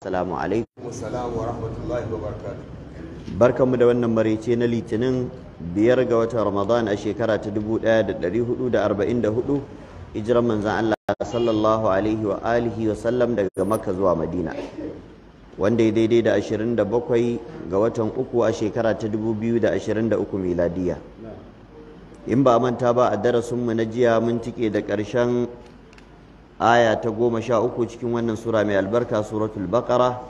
Assalamu alaikum. Assalamu wa rahmatullahi wa barakatuh. mu da wannan marece na Litinin biyar ga watan Ramadan a shekara ta 1444 hijiran manzan Allah sallallahu alaihi wa alihi wa sallam daga Makka zuwa Madina. Wanda ya daidai da 27 ga watan uku a shekara ta 2023 miladiya. In ba manta ba a darasinmu na jiya mun tike da ƙarshen aya ta goma sha uku cikin wannan sura mai albarka suratul baqara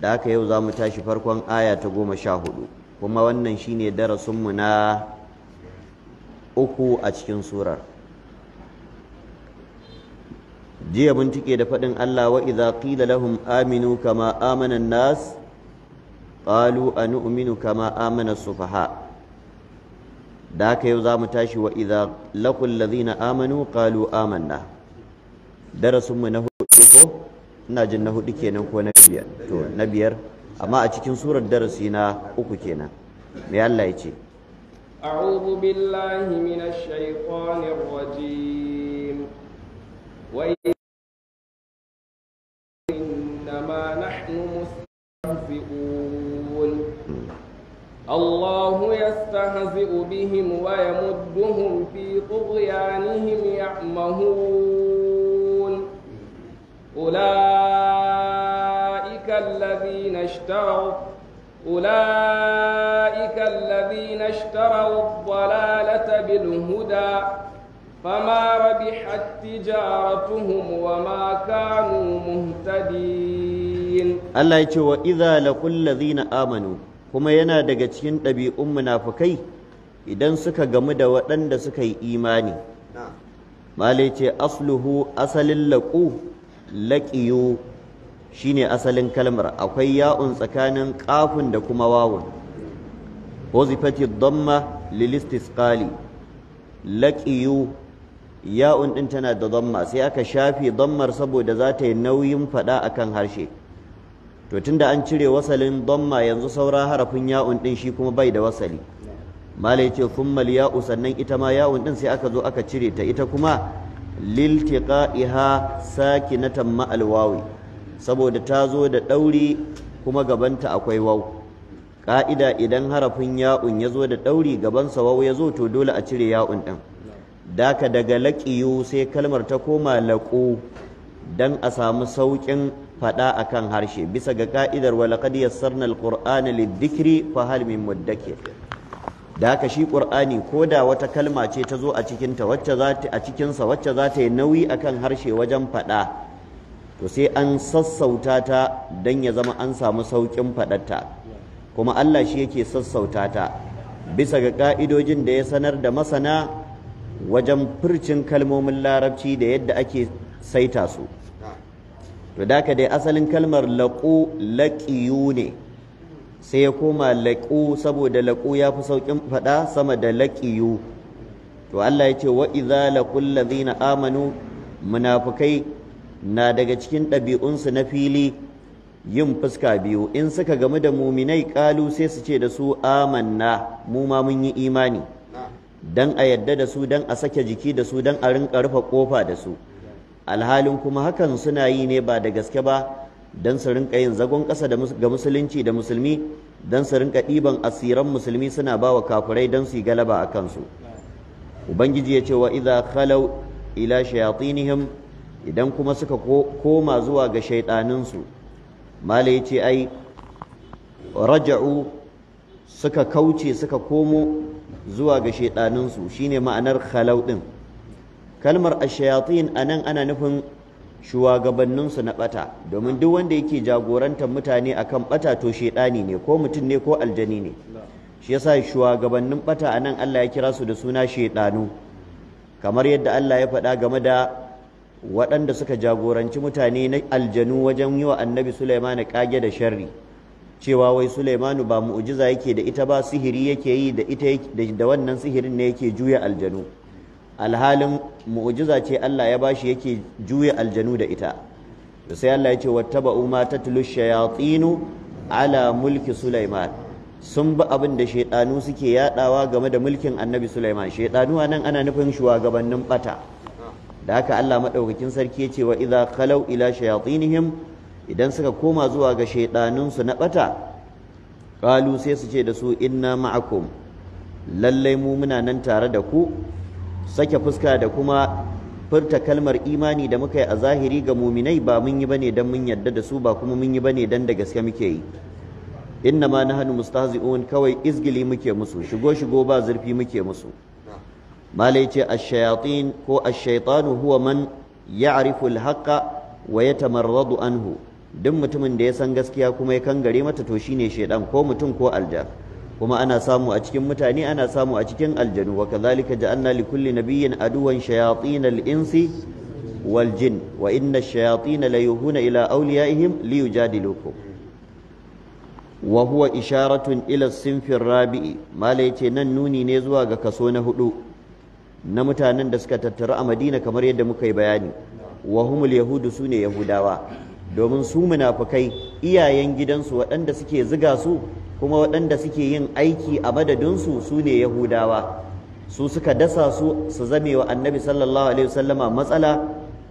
da aka yau za mu tashi farkon aya ta goma sha hudu kuma wannan shine darasinmu na uku a cikin surar jiya mun tike da faɗin Allah wa idza qila lahum aminu kama amana nas qalu anu'minu kama amana sufaha da haka yau za mu tashi wa idza laqul ladhina amanu qalu amanna Darasunmu na hudu ko ina jin na hudu kenan ko na biyar to na biyar amma a cikin surar darasi na uku kenan me Allah ya ce a'udhu billahi minash shaitanir rajim wa inna ma nahnu mustahzi'un الله يستهزئ بهم ويمدهم في طغيانهم يعمهون أولئك الذين اشتروا أولئك الذين اشتروا الضلالة بالهدى فما ربحت تجارتهم وما كانوا مهتدين الله يقول وإذا لقوا الذين آمنوا kuma yana daga cikin ɗabi'un munafukai idan suka gamu da waɗanda suka yi imani malai ce asluhu asalin laƙu shi ne asalin kalmar akwai ya'un tsakanin ƙafin da kuma wawun hozifati damma lilistis ƙali laƙiyo ya'un ɗin tana da dhamma sai aka shafe dhammar saboda za ta yi nauyin fada akan harshe to tunda an cire wasalin dhamma yanzu saura harafin ya'un ɗin shi kuma bai da wasali malai ce thumma ya'u sannan ita ma ya'un ɗin sai aka zo aka cire ta ita kuma liltiqa'iha sakinatan ma'al wawi saboda ta zo da dauri kuma gabanta akwai waw ka'ida idan harafin ya'un yazo zo da gaban sa waw yazo to dole a cire ya'un ɗin daka daga laƙiyu sai kalmar ta koma laƙu dan a samu saukin fada akan harshe bisa ga ka'idar laqad yassarna alƙur'ana lidhikri fa hal min muddakir da haka shi ƙur'ani ko da wata kalma ce ta zo a cikinta wacce za ta a cikinsa wacce za ta yi nauyi a kan harshe wajen faɗa to sai an sassauta ta don ya zama an samu saukin faɗarta kuma Allah shi yake sassauta ta bisa ga ka'idojin da ya sanar da masana wajen furcin kalmomin larabci da yadda ake saita su to da dai asalin kalmar laƙo laƙiyu ne sai ya koma laƙu saboda laƙu ya fi sauƙin faɗa sama da laƙiyu to Allah ya ce wa laƙun laqul amanu munafukai na daga cikin ɗabi'unsu na fili yin fuska biyu in suka gamu da muminai ƙalu sai su ce da su amanna mu ma mun yi imani dan a yadda da su dan a sake jiki da su dan a rinƙa rufe ƙofa da su alhalin kuma hakan suna yi ne ba da gaske ba don su rinka yin zagon ƙasa ga musulunci da musulmi don su rinka ɗiban asiran musulmi suna ba wa kafirai don su yi galaba a kansu ubangiji ya ce wa iza khalau ila shayatinihim idan kuma suka koma zuwa ga shaiɗaninsu mala ya ce ai raja'u suka kauce suka komo zuwa ga shaiɗaninsu shine ma'anar khalau ɗin kalmar ashayatin nan ana nufin shugabanninsu na bata domin duk wanda yake jagorantar mutane akan bata to shedani ne ko mutum ne ko aljani ne shi yasa shugabannin bata nan Allah ya kira su da suna shedanu kamar yadda Allah ya faɗa game da waɗanda suka jagoranci mutane na aljanu wajen yi wa annabi Sulaiman kage da sharri cewa wai Sulaimanu ba mu'jiza yake da ita ba sihiri yake yi da da wannan sihirin ne yake juya aljanu alhalin mu'ujiza ce Allah ya bashi yake juya aljanu da ita to sai Allah ya ce wattaba'u ma tatlu shayatinu ala mulki Sulaiman sun bi abin da shaidanu suke yadawa game da mulkin Annabi Sulaiman shaidanu anan ana nufin shugabannin bata da haka Allah madaukakin sarki ce wa idza khalau ila shayatinihim idan suka koma zuwa ga shaidanunsu na bata qalu sai su ce da su inna ma'akum lallai mu muna nan tare da ku sake fuska da kuma furta kalmar imani da muka yi a zahiri ga muminai ba mun yi bane dan mun yadda da su ba kuma mun yi bane dan da gaske muke yi inna ma nahnu mustahzi'un kawai izgili muke musu shigo shigo ba zurfi muke musu malai ce ash-shayatin ko ash shaitanu huwa man ya'rifu al-haqqa wa yatamarradu anhu duk mutumin da ya san gaskiya kuma ya kangare mata to shine shaidan ko mutum ko aljan kuma ana samu a cikin mutane ana samu a cikin aljanu wa kadhalika ja'alna likulli nabiyyin aduwan shayatin al-insi wal jin wa inna ash-shayatin la yuhuna ila awliyaihim liyujadilukum wa huwa isharatun ila sinfin rabi'i mala yace nan nuni ne zuwa ga kaso na hudu na mutanen da suka tattaru a Madina kamar yadda muka yi bayani wa humul yahudu sune yahudawa domin su munafikai iyayen gidansu waɗanda suke ziga su kuma waɗanda suke yin aiki a madadinsu su ne yahudawa su suka dasa su su zame wa annabi sallallahu alaihi wasallama matsala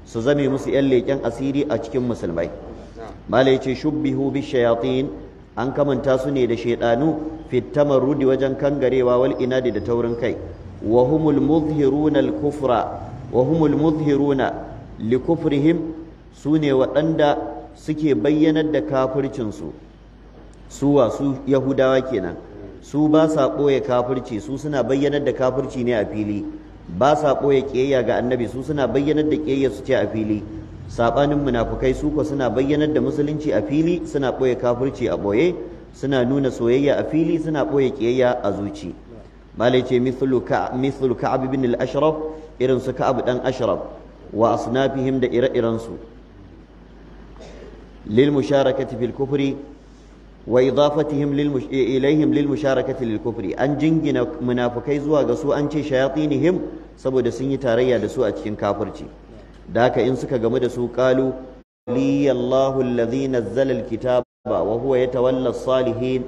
su zame musu yan leƙen asiri a cikin musulmai mala yace shubbihu bishayatin an kamanta su ne da shaidanu fit rudi wajen kangarewa wal inadi da taurin kai wa humul na al kufra wa humul su ne waɗanda suke bayyanar da kafircinsu su su yahudawa kenan su ba sa ɓoye kafirci su suna bayyanar da kafirci ne a fili ba sa ɓoye ƙiyayya ga annabi su suna bayyanar da ƙiyayya su ce a fili saɓanin munafukai su ko suna bayyanar da musulunci a fili suna ɓoye kafirci a ɓoye suna nuna soyayya a fili suna ɓoye ƙiyayya a zuci malai ce mithlu ka'ab bin al-ashraf irin su ka'ab dan ashraf wa asnafihim da ire su. lil musharakati fil kufri wa idafatihim lil ilaihim lil musharakati lil kufri an jingina munafukai zuwa ga su an ce shayatinihim saboda sun yi tarayya da su a cikin kafurci. da haka in suka gamu da su qalu liyallahu alladhi nazzala alkitaba wa huwa yatawalla salihin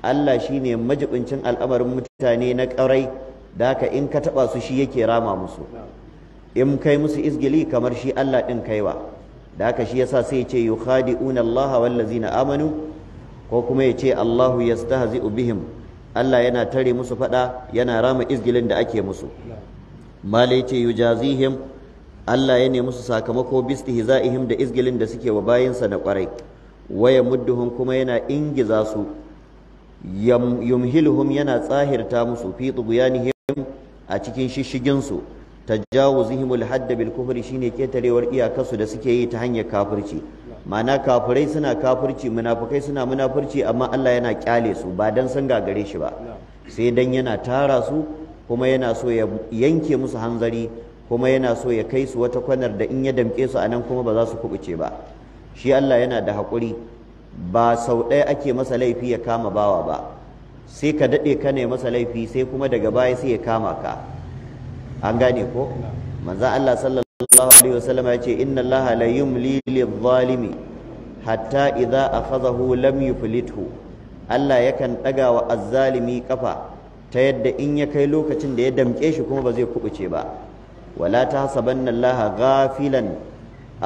Allah shine majibincin al'amarin mutane na ƙarai da haka in ka taba su shi yake rama musu in kai musu izgili kamar shi Allah ɗin kaiwa da haka shi yasa sai ya ce yukhadi'una Allah wallazina amanu ko kuma ya ce Allahu ya bihim Allah yana tare musu fada yana rama izgilin da ake musu mala yace yujazihim Allah ya nemi musu sakamako bistihizaihim da izgilin da suke wa bayinsa na kwarai waya mudduhum kuma yana ingiza su yumhiluhum yana tsahirta musu fi tughyanihim a cikin shishigin su tajawuzihimul hadd bil kufri shine ketarewar iyakarsu da suke yi ta hanyar kafirci ma'ana kafirai suna kafirci munafukai suna munafurci amma Allah yana kyale su ba dan san gagare shi ba sai dan yana tara su kuma yana so ya yanke musu hanzari kuma yana so ya kai su wata kwanar da in ya damke su anan kuma ba za su kubuce ba shi Allah yana da hakuri ba sau ɗaya ake masa laifi ya kama bawa ba sai ka daɗe ka ne masa laifi sai kuma daga baya sai ya kama ka an gane ko manzo Allah sallallahu sallallahu alaihi wasallam ya ce inna Allah la yumli lidh-dhalimi hatta idza akhadhahu lam yuflithu Allah yakan daga wa azzalimi kafa ta yadda in ya kai lokacin da ya damke shi kuma ba zai kubuce ba wala tahsabanna Allah ghafilan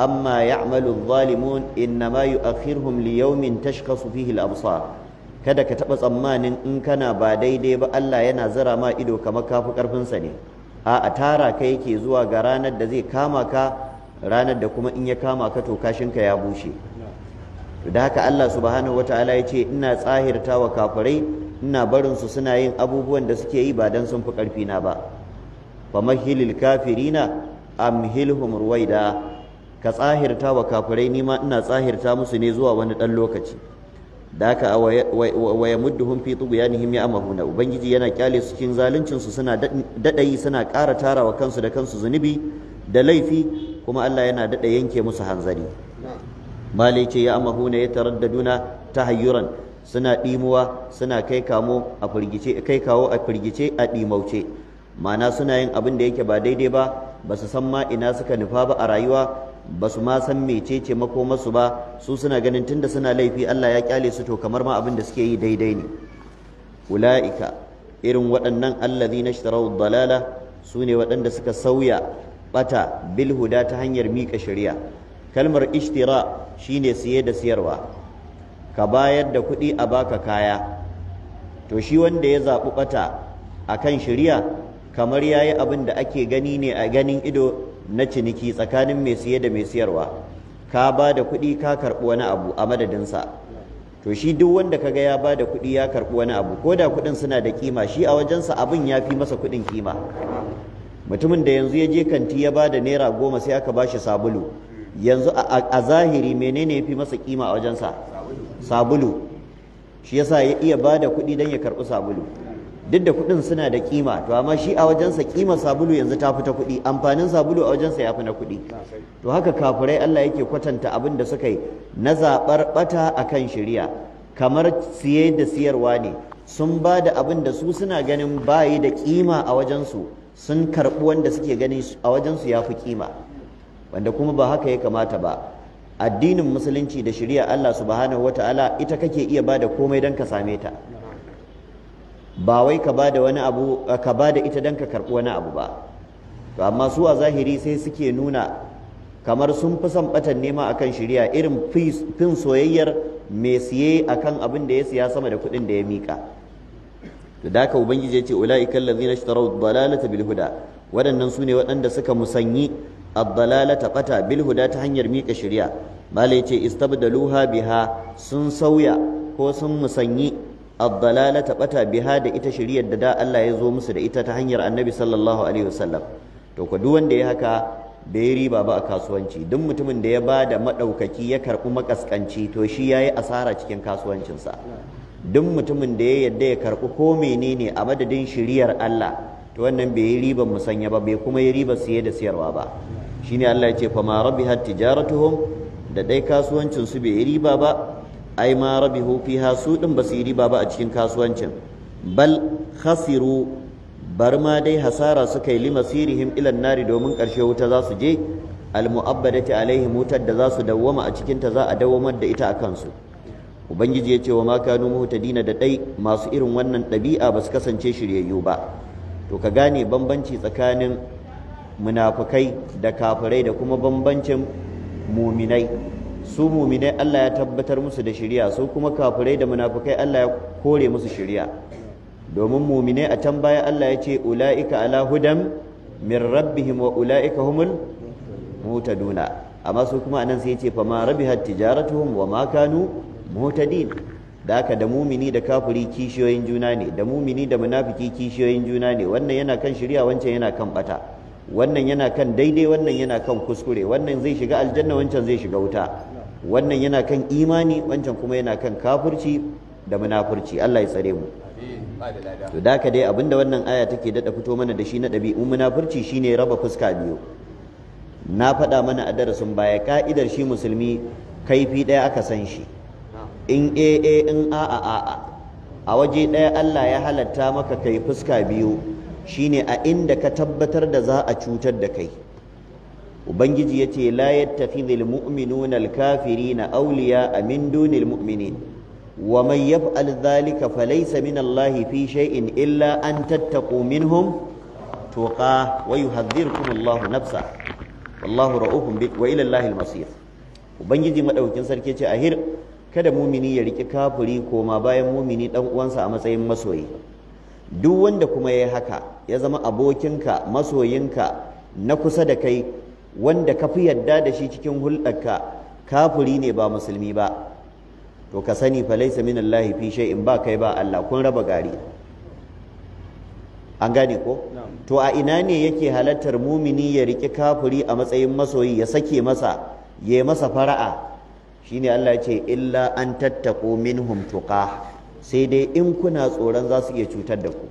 amma ya'malu adh-dhalimun innama yu'akhiruhum li yawmin tashkhasu fihi al-absar kada ka taɓa tsammanin in kana ba daidai ba Allah yana zara ma ido kamar kafi ƙarfinsa ne a tara ka yake zuwa ga ranar da zai kama ka ranar da kuma in ya kama ka to ka ya bushe da haka Allah subhanahu wataala ya ce ina tsahirta wa kafirai ina barin su suna yin abubuwan da suke yi ba dan sun fi karfi na ba mahilil kafirina amhilhum ruwaida ka tsahirta wa kafirai nima ina tsahirta musu ne zuwa wani dan lokaci da haka wa yamudduhum fi tughyanihim ya'mahuna ubangiji yana kyale su cikin zaluncin su suna dadayi suna ƙara tarawa kansu da kansu zunubi da laifi kuma Allah yana daɗa yanke musu hanzari mali ce ya'mahuna ya tahayyuran da dimuwa ta kai suna a suna kai kawo a firgice a ɗimauce ma'ana suna yin abin da yake ba daidai ba ba su san ma ina suka nufa ba a rayuwa ba su ma san mecece makomarsu ba su suna ganin tunda suna laifi Allah ya kyale su to kamar ma abin da suke yi daidai ne ula'ika irin waɗannan allazina ishtarau dalala su ne waɗanda suka sauya bata bil huda ta hanyar miƙa shirya. kalmar ishtira shine siye da siyarwa ka bayar da kuɗi a baka kaya to shi wanda ya zaɓi bata kan shirya, kamar yayi abin da ake gani ne a ganin ido na ciniki tsakanin mai siye da mai siyarwa ka ba da kuɗi ka karɓi wani abu a madadinsa to shi duk wanda kaga ya ba da kuɗi ya karɓi wani abu ko da kuɗin suna da kima shi a wajensa abin ya fi masa kuɗin kima mutumin da yanzu ya je kanti ya ba da naira goma sai aka ba shi sabulu yanzu a zahiri menene ya fi masa kima a wajensa sabulu shi yasa ya iya ba da kuɗi don ya karɓi sabulu duk da kuɗin suna da kima to amma shi a wajensa kima sabulu yanzu ta fita kuɗi amfanin sabulu a wajensa ya fi na kuɗi to haka kafurai Allah yake kwatanta abin da suka yi na zabar bata a kan shiriya kamar siye da siyarwa ne sun ba da abin da su suna ganin bayi da kima a wajensu sun karɓi wanda suke ganin a wajensu ya fi kima wanda kuma ba haka ya kamata ba addinin musulunci da shari'a Allah subhanahu wataala ita kake iya bada komai don ka same ta ba wai ka da wani abu ka da ita dan ka karbi wani abu ba to amma su a zahiri sai suke nuna kamar sun fi son batan nema akan shari'a irin fin soyayyar mai siye akan abin da ya siya sama da kuɗin da ya mika to da ubangiji ya ce ulaika allazina ishtaraw dalalata bil bilhuda waɗannan su ne waɗanda suka musanyi a dalalata bata bil huda ta hanyar mika shari'a malai ce istabdaluha biha sun sauya ko sun musanyi ad ta bata biha da ita shiriyar da da Allah ya zo musu da ita ta hanyar Annabi sallallahu alaihi wasallam to ku wanda ya haka bai riba ba a kasuwanci duk mutumin da ya ba da maɗaukaki ya karbi makaskanci to shi yayi asara cikin kasuwancinsa duk mutumin da ya yadda ya karbi ko ne a madadin shiriyar Allah to wannan bai yi riban musanya ba bai kuma yi riban siye da siyarwa ba shine Allah ya ce fa ma rabihat tijaratuhum da dai kasuwancin su bai yi riba ba ai ma rabihu fiha su din basiri ba ba a cikin kasuwancin bal khasiru bar ma dai hasara suka yi limasirihim ilan nari domin karshe wuta za su je almu'abbadati alaihi wutar da za su dawwama a cikin ta za a dawwamar da ita a kansu ubangiji ya ce wa ma kanu muhtadina da dai masu irin wannan ɗabi'a ba su kasance shiryayyu ba to ka gane bambanci tsakanin munafukai da kafirai da kuma bambancin muminai su muminai Allah ya tabbatar musu da shari'a su kuma kafirai da munafukai Allah ya kore musu shari'a domin muminai a can baya Allah ya ce ula'ika ala hudam min rabbihim wa ula'ika humul mutaduna amma su kuma anan sai ya ce fama rabihat tijaratuhum wa ma kanu mutadin da haka da mumini da kafiri kishiyoyin juna ne da mumini da munafiki kishiyoyin juna ne wannan yana kan shari'a wancan yana kan bata wannan yana kan daidai wannan yana kan kuskure wannan zai shiga aljanna wancan zai shiga wuta wannan yana kan imani wancan kuma yana kan kafurci da munafurci Allah ya tsare mu to da ka dai abinda wannan aya take dada fito mana da shi na ɗabi'un munafurci shine raba fuska biyu na faɗa mana a darasin baya ka'idar shi musulmi kaifi ɗaya aka san shi in a a in a a a a waje ɗaya Allah ya halatta maka kai fuska biyu shine a inda ka tabbatar da za a cutar da kai ubangiji yace la yattakhidhul mu'minuna na auliya awliya min dunil mu'minin wa mai yaf alzalika falaisa min Allahi fi shay'in illa an tattaqu minhum tuqa wa yuhadhdhirukum Allahu nafsa wallahu ra'ufun bi wa ila Allahi masir ubangiji madaukin sarki ce hir kada mumini ya riki kafiri koma bayan mumini dan uwansa a matsayin masoyi duk wanda kuma yayi haka ya zama abokinka masoyinka na kusa da kai wanda ka fi yadda da shi cikin hulɗarka kafuri ne ba musulmi ba to ka sani fa laysa min Allah fi in ba kai ba Allah kun raba gari an gane ko to a ina ne yake halattar mumini ya riƙe kafuri a matsayin masoyi ya sake masa ya masa fara'a shine Allah ya ce illa an tattaqu minhum humtuka. sai dai in kuna tsoron za su iya cutar da ku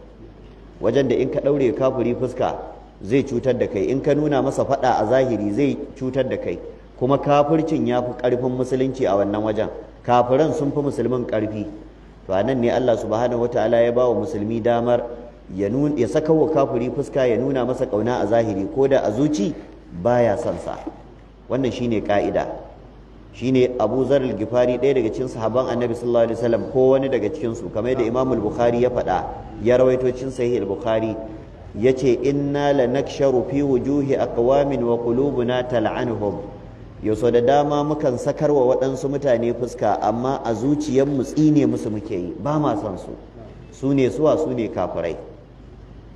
wajen da in ka ɗaure kafuri fuska zai cutar da kai in ka nuna masa fada a zahiri zai cutar da kai kuma kafircin ya fi ƙarfin musulunci a wannan wajen kafiran sun fi musulmin ƙarfi to a nan ne Allah subhanahu ta'ala ya ba wa musulmi damar ya saka wa kafiri fuska ya nuna masa kauna a zahiri ko da a zuci baya son sa wannan shine ka'ida shine Abu Zarul al ɗaya daga cikin sahaban Annabi sallallahu alaihi wasallam ko wani daga cikin su kamar da Imam al-Bukhari ya faɗa ya rawaito cikin Sahih al-Bukhari ya yace inna lanaksharu fi wujuhi aqwamin wa qulubuna tal'anuhum yaso da dama mukan sakarwa waɗansu mutane fuska amma a zuciyar mu tsine musu muke yi ba ma son su su ne suwa su ne kafirai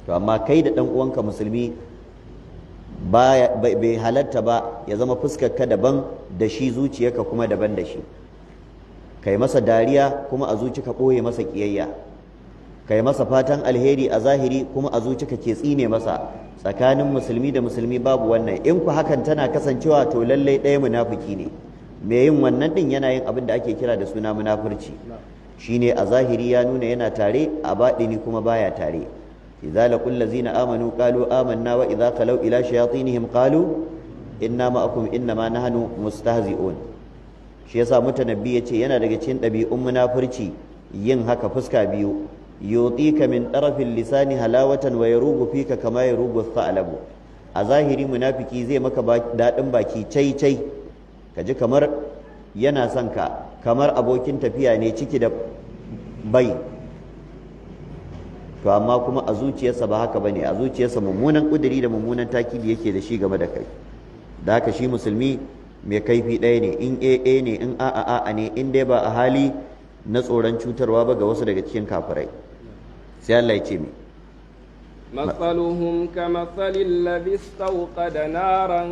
to amma kai da ɗan uwanka musulmi bai halatta ba ya zama fuskarka daban da shi zuciyarka kuma daban da shi kai masa dariya kuma a zuci ka ɓoye masa ƙiyayya kai masa fatan alheri a zahiri kuma a zuci ke tsine masa tsakanin musulmi da musulmi babu wannan in ku hakan tana kasancewa to lallai ɗaya munafuki ne mai yin wannan din yana yin abin da ake kira da suna munafurci shine a zahiri ya nuna yana tare a baɗini kuma baya tare idza laqul ladzina amanu qalu amanna wa idza khalaw ila shayatinihim qalu inna ma'akum innama nahnu mustahzi'un shi yasa mutanabbi yace yana daga cikin ɗabi'un munafurci yin haka fuska biyu ka min ɗarafin lisani halawatan wa ya yarugu fika kama ya yarugu thalabu a zahiri munafiki zai maka daɗin baki cai cai kaji kamar yana son ka kamar abokin tafiya ne ciki da bai to amma kuma a zuciyarsa ba haka bane a zuciyarsa mummunan kuduri da mummunan takibi yake da shi game da kai da haka shi musulmi mai kaifi ɗaya ne in aa ne in a'a ne in dai ba a hali na tsoron cutarwa ba ga wasu daga cikin kafirai sai مثلهم كمثل الذي استوقد نارا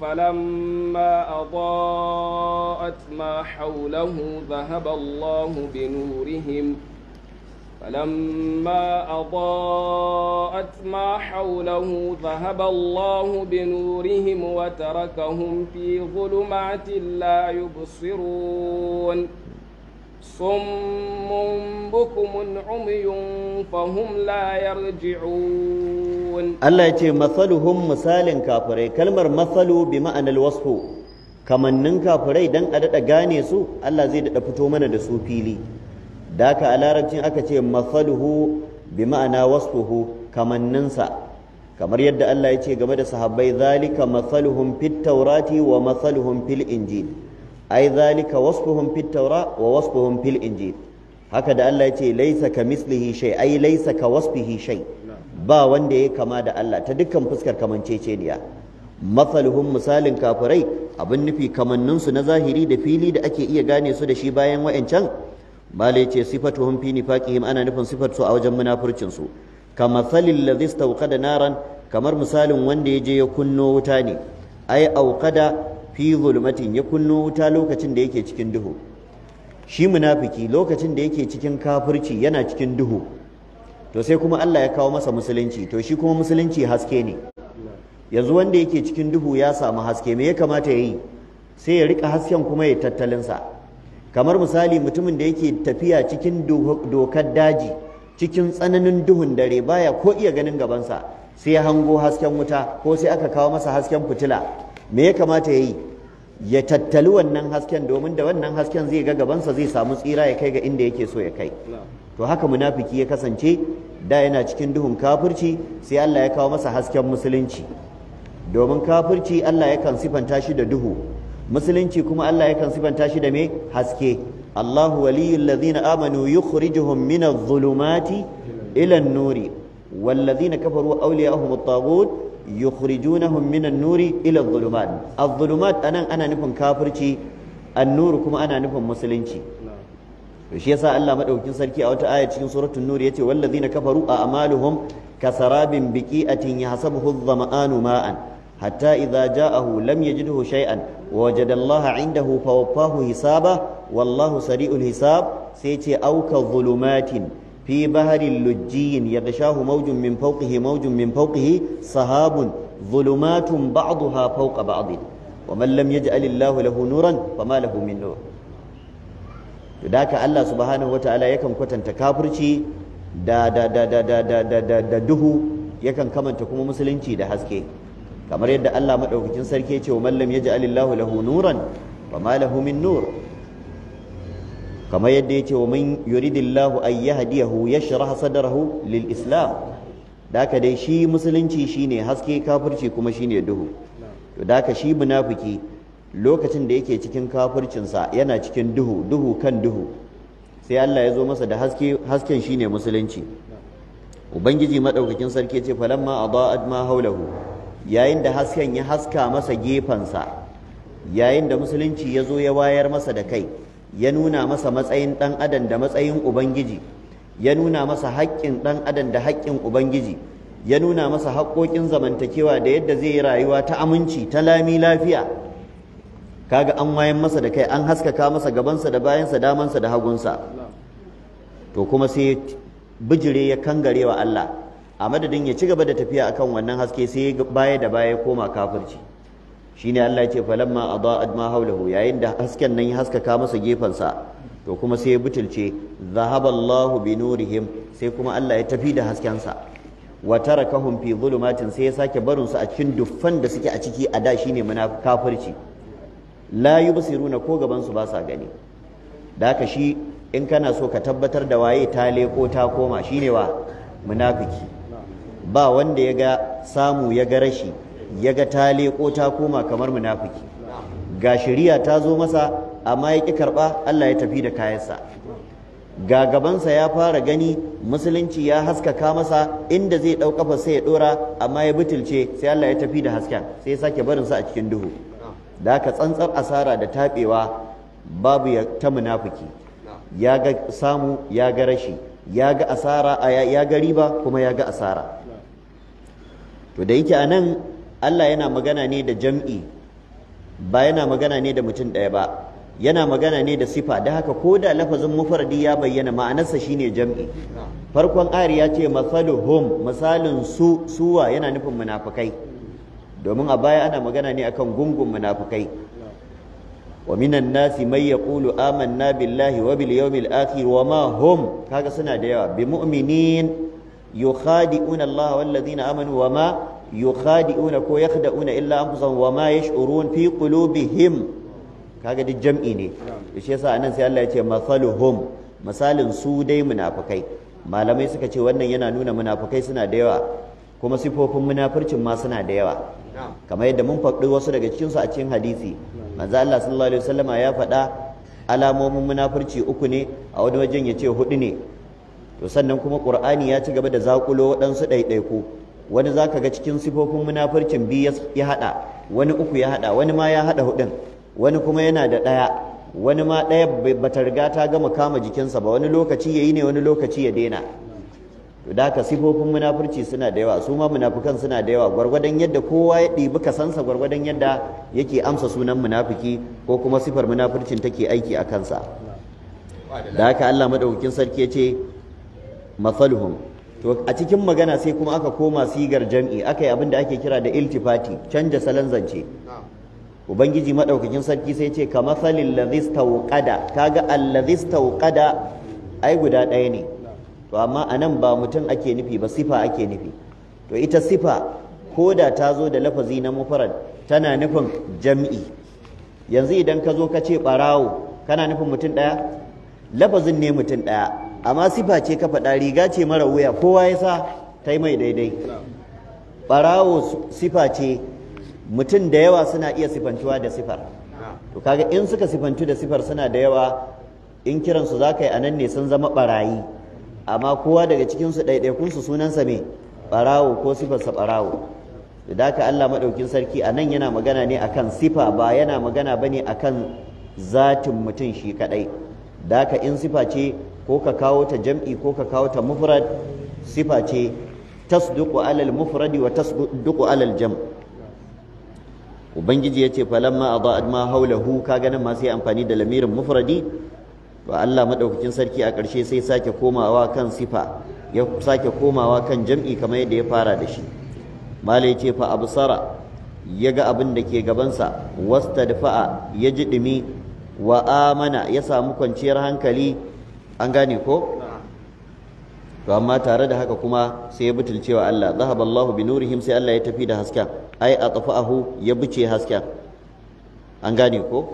فلما أضاءت ما حوله ذهب الله بنورهم فلما أضاءت ما حوله ذهب الله بنورهم وتركهم في ظلمات لا يبصرون صم بكم عمي فهم لا يرجعون الله يتي مثلهم مثال كافري كلمة مثل بمعنى الوصف kamannin kafirai dan a daɗa gane su Allah zai daɗa fito mana da su fili da haka a larabcin aka ce masaluhu bi ma'ana wasfuhu kamanninsa kamar yadda Allah ya ce game da sahabbai zalika masaluhum fit taurati wa masaluhum fil injil ai zalika wasfuhum fit tawra wa wasfuhum fil injil haka da Allah ya ce laisa ka mislihi shay ai laisa ka wasfihi shay ba wanda ya kama da Allah ta dukkan fuskar kamanceceniya mathaluhum misalin kafirai abin nufi kamannin su na zahiri da fili da ake iya gane su da shi bayan wayancan bala yace sifatuhum fi nifaqihim ana nufin sifar su a wajen munafurcin su salil ladhi istawqada naran kamar misalin wanda ya je ya kunno wuta ne ai auqada fi zulmatin ya kunno wuta lokacin da yake cikin duhu shi munafiki lokacin da yake cikin kafirci yana cikin duhu to sai kuma Allah ya kawo masa musulunci to shi kuma musulunci haske ne yanzu wanda yake cikin duhu ya samu haske me ya kamata ya yi sai ya rika hasken kuma ya tattalin sa kamar misali mutumin da yake tafiya cikin dokar daji cikin tsananin duhun dare baya ko iya ganin gaban sa sai ya hango hasken wuta ko sai aka kawo masa hasken fitila me ya kamata ya yi ya tattali wannan hasken domin da wannan hasken zai ga gabansa zai samu tsira ya kai ga inda yake so ya kai to haka munafiki ya kasance da yana cikin duhun kafirci sai Allah ya kawo masa hasken musulunci domin kafirci Allah yakan sifanta shi da duhu musulunci kuma Allah yakan sifanta shi da me haske Allahu waliyul ladina amanu yukhrijuhum minadh-dhulumati ila an-nuri والذين كفروا أولياءهم الطاغوت yukhrijunahum minan nuri ila adh-dhulumat adh-dhulumat anan ana nufin kafirci an-nur kuma ana nufin musulunci to shi yasa Allah maɗaukin sarki a wata aya cikin suratul nur yace wallazina kafaru a amaluhum kasarabin biqi'atin yahsabuhu adh-dhama'anu ma'an hatta idza ja'ahu lam yajidhu shay'an wajada Allah 'indahu fawaffahu hisaba wallahu sari'ul hisab sai ce auka dhulumatin fi baharin lujjiyin yaghshahu mawjun min fawqihi mawjun min fawqihi sahabun dhulumatun ba'daha fawqa ba'd wa man lam yaj'al Allahu lahu nuran nur to da Allah subhanahu wataala yakan kwatanta kafurci da da da da da da duhu yakan kamanta kuma musulunci da haske kamar yadda Allah madaukakin sarki ya ce wa man lam yaj'al Allahu lahu nuran nur kamar yadda ya ce wa min yuridillahu ay yahdiyahu yashrah sadrahu lil islam da haka dai shi musulunci shine haske kafirci kuma shine duhu to da ka shi munafuki, lokacin da yake cikin kafircinsa yana cikin duhu duhu kan duhu sai Allah ya zo masa da haske hasken shine musulunci ubangiji madaukakin sarki ce falamma adaa'at ma haulahu yayin da hasken ya haska masa gefansa yayin da musulunci ya zo ya wayar masa da kai ya nuna masa matsayin ɗan adam da matsayin ubangiji ya nuna masa haƙƙin ɗan adam da haƙƙin ubangiji ya nuna masa haƙƙoƙin zamantakewa da yadda zai yi rayuwa ta aminci ta lami lafiya kaga an wayan masa da kai an haskaka masa gabansa da bayansa damansa da hagunsa to kuma sai bijire ya kangarewa Allah a madadin ya ci gaba da tafiya akan wannan haske sai baya da baya koma kafirci shine Allah ya ce falamma adaa'at ma hawlahu yayin da hasken nan ya haskaka masa gefansa to kuma sai ya butulce zahaballahu Allahu bi nurihim sai kuma Allah ya tafi da haskensa wa tarakahum fi dhulumatin sai ya sake barin su a cikin duffan da suke a ciki a da shine munafirci la yubsiruna ko gaban su ba sa gani da haka shi in kana so ka tabbatar da waye ta leko ta koma shine wa munafiki ba wanda ya ga samu ya ga rashi ya ga ta leƙo ta koma kamar munafiki ga shari'a ta zo masa amma ya ƙi karɓa Allah ya tafi da kayansa ga gabansa ya fara gani musulunci ya haskaka masa inda zai ɗau ƙafa sai ya ɗora amma ya butulce sai Allah ya tafi da hasken sai ya sake barinsa a cikin duhu da haka tsantsar asara da taɓewa babu ta munafiki ya ga samu ya ga rashi ya ga asara ya ga riba kuma ya ga asara to da yake a nan Allah yana magana ne da jam'i ba yana magana ne da mutum ɗaya ba yana magana ne da sifa da haka ko da lafazin mufardi ya bayyana ma'anarsa shine jam'i farkon ayar ya ce masaluhum misalin su suwa yana nufin munafukai domin a baya ana magana ne akan gungun munafukai wa minan nasi may yaqulu amanna billahi wa bil yawmil akhir wa ma hum kaga suna da yawa bi mu'minin yukhadi'una Allah wal ladina amanu wa ma yukhadi'una ko yakhda'una illa anfusahum wa ma yash'urun fi qulubihim kaga duk jam'i ne to shi yasa anan sai Allah ya ce mathaluhum misalin su dai munafikai malamai suka ce wannan yana nuna munafikai suna da yawa kuma sifofin munafircin ma suna da yawa kamar yadda mun faɗi wasu daga cikin su a cikin hadisi manzo Allah sallallahu alaihi wasallama ya faɗa alamomin munafirci uku ne a wani wajen ya ce hudu ne to sannan kuma qur'ani ya ci gaba da zakulo waɗansu ɗaiɗaiku wani za ka ga cikin sifofin munafurcin biyu ya haɗa wani uku ya haɗa wani ma ya haɗa hudun wani kuma yana da ɗaya wani ma ɗaya ba ta riga ta gama kama jikinsa ba wani lokaci ya yi ne wani lokaci ya daina to da haka sifofin munafurci suna da yawa su ma munafukan suna da yawa gwargwadon yadda kowa ya ɗibi kasansa gwargwadon yadda yake amsa sunan munafuki ko kuma sifar munafurcin take aiki a kansa da haka Allah madaukakin sarki ya ce mafaluhum to a cikin magana sai kuma aka koma sigar jam'i aka yi abin da ake kira da iltifati canja salon zance ubangiji madaukakin sarki sai ce ka masalin lazis tauƙada kaga allazis tauƙada ai guda ɗaya ne to amma a nan ba mutum ake nufi ba sifa ake nufi to ita sifa ko da ta zo da lafazi na mufarad tana nufin jam'i yanzu idan ka zo ka ce ɓarawo kana nufin mutum ɗaya lafazin ne mutum ɗaya amma sifa ce ka faɗa riga ce mara wuya kowa ya sa ta yi mai daidai ɓarawo sifa ce mutum da yawa suna iya sifantuwa da sifar to kaga in suka sifantu da sifar suna da yawa in kiransu za ka yi a nan ne sun zama ɓarayi amma kowa daga cikinsu ɗaiɗaikunsu sunansa mai ɓarawo ko sifarsa ɓarawo da haka Allah maɗaukin sarki a nan yana magana ne akan sifa ba yana magana ba ne akan zatin mutum shi kaɗai da in sifa ce ko ka kawo ta jam'i ko ka kawo ta mufrad sifa ce tasduqu alal mufradi wa tasduqu alal jam' ubangiji yace falamma adha'at ma hawlahu kaga nan ma sai amfani da lamirin mufradi to Allah madaukakin sarki a ƙarshe sai sake komawa kan sifa ya sake komawa kan jam'i kamar yadda ya fara da shi malai yace fa absara ya ga abin da ke gabansa wastadfa'a ya ji dumi wa amana ya samu kwanciyar hankali an gane ko to amma tare da haka kuma sai ya butulcewa Allah zahaba Allahu bi nurihim sai Allah ya tafi da hasken ai atfa'ahu ya buce hasken an gane ko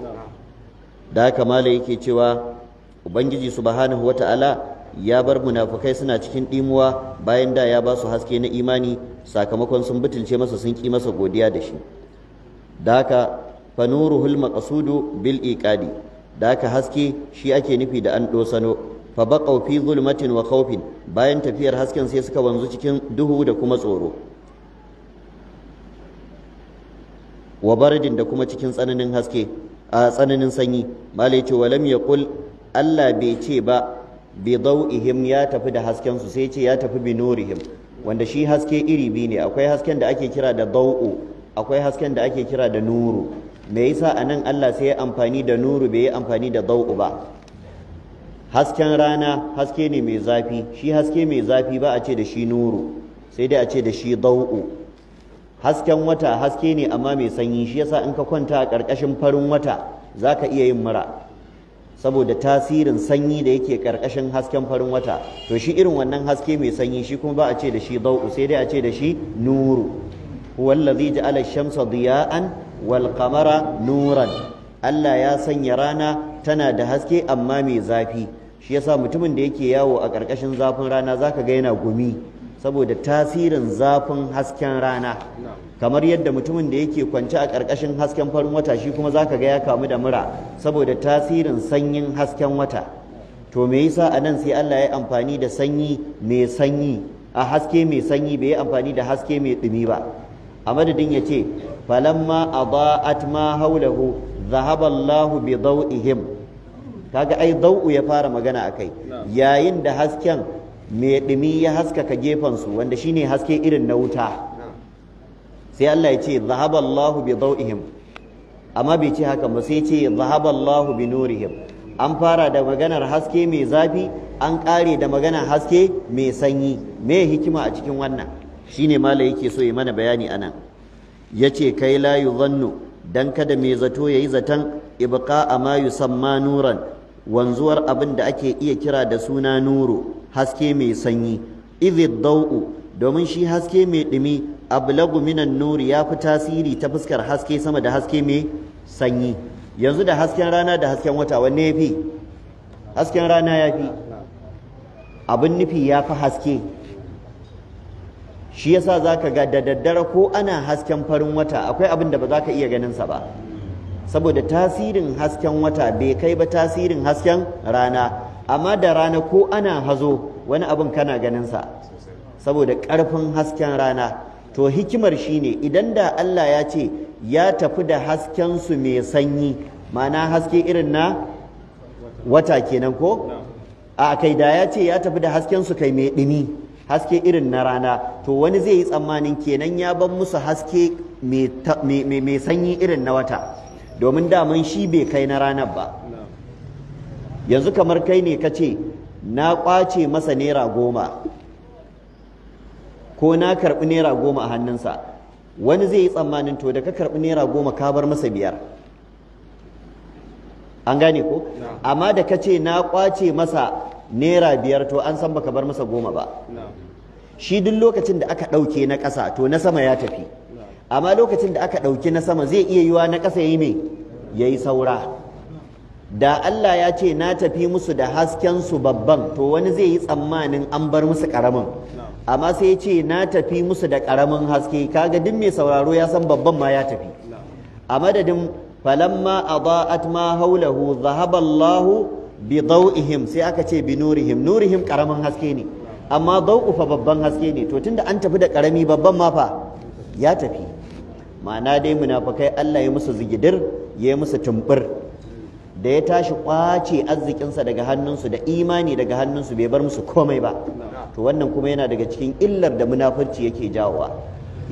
da haka mala yake cewa ubangiji subhanahu wata'ala ya bar munafukai suna cikin dimuwa bayan da ya ba su haske na imani sakamakon sun butulce masa sun ki masa godiya da shi da haka fanuruhul maqsudu bil iqadi da haka haske shi ake nufi da an dosano fa baqaw fi zulmatin wa khawfin bayan tafiyar hasken sai suka wanzu cikin duhu da kuma tsoro Wabardin da kuma cikin tsananin haske a sanyi malai ce walam yaqul Allah bai ce ba bi ya tafi da hasken sai ce ya tafi bi nurihim wanda shi haske iri biyu ne akwai hasken da ake kira da dawu akwai hasken da ake kira da nuru me yasa anan Allah sai ya amfani da nuru bai yi amfani da dawu ba hasken rana haske ne mai zafi shi haske mai zafi ba a ce da shi nuru sai dai a ce da shi dau'u hasken wata haske ne amma mai sanyi shi yasa in ka kwanta a ƙarƙashin farin wata za ka iya yin mura saboda tasirin sanyi da yake ƙarƙashin hasken farin wata to shi irin wannan haske mai sanyi shi kuma ba a ce da shi dau'u sai dai a ce da shi nuru huwallazi ja'ala ash-shamsa diya'an wal qamara nuran Allah ya sanya rana tana da haske amma mai zafi shi yasa mutumin da yake yawo a ƙarƙashin zafin rana zaka ga yana gumi saboda tasirin zafin hasken rana kamar yadda mutumin da yake kwance a ƙarƙashin hasken farin wata shi kuma zaka ga ya kamu da mura saboda tasirin sanyin hasken wata to me yasa nan sai Allah ya amfani da sanyi mai sanyi a haske mai sanyi bai yi amfani da haske mai ɗumi ba a madadin ya ce falamma at ma haulahu dhahaba Allahu bi daw'ihim kaga ai dau'u ya fara magana akai yayin da hasken mai ɗumi ya haskaka gefen su wanda shine haske irin na wuta sai Allah ya ce zahaballahu bi dau'ihim amma bai ce haka ba sai ce zahaballahu bi nurihim an fara da maganar haske mai zafi an ƙare da maganar haske mai sanyi me hikima a cikin wannan shine malai yake so ya mana bayani anan yace kai la yuzannu dan kada mai zato yayi zatan ibqa ma yusamma nuran wanzuwar abin da ake iya kira da suna nuru haske mai sanyi idh dau'u domin shi haske mai dumi ablagu minan nuri ya fi tasiri ta fuskar haske sama da haske mai sanyi yanzu da hasken rana da hasken wata wanne ya fi hasken rana ya fi abin nufi ya fi haske shi yasa za ka ga da daddare ko ana hasken farin wata akwai abin da ba za ka iya ganinsa ba saboda tasirin hasken wata bai kai ba tasirin hasken rana amma da rana ko ana hazo wani abin kana ganin sa saboda ƙarfin hasken rana to hikimar shine idan da Allah ya ce ya tafi da hasken su mai sanyi ma'ana haske irin na wata kenan ko a kai da ya ce ya tafi da hasken su kai mai dumi haske irin na rana to wani zai yi tsammanin kenan ya ban musu haske mai sanyi irin na wata domin daman shi bai kai na ranar ba yanzu kamar kai ne ka ce na kwace masa naira goma ko na karɓi naira goma a hannunsa wani zai yi tsammanin to da ka karɓi naira goma ka bar masa biyar an gane ko amma da ka ce na kwace masa naira biyar to an san baka bar masa goma ba shi duk lokacin da aka ɗauke na ƙasa to na sama ya tafi amma lokacin da aka ɗauki na sama zai iya yiwa na ƙasa yi me ya yi saura da Allah ya ce na tafi musu da hasken su babban to wani zai yi tsammanin an bar musu ƙaramin amma sai ya ce na tafi musu da ƙaramin haske kaga duk mai sauraro ya san babban ma ya tafi a madadin falamma adaat ma haulahu zahaba Allah bi dawihim sai aka ce bi nurihim nurihim ƙaramin haske ne amma dawu fa babban haske ne to tunda an tafi da ƙarami babban ma fa ya tafi ma'ana dai munafakai Allah ya musu zigidir ya yi musu tumbur da ya tashi kwace arzikinsa daga hannunsu da imani daga hannunsu bai bar musu komai ba to wannan kuma yana daga cikin illar da munafurci yake jawowa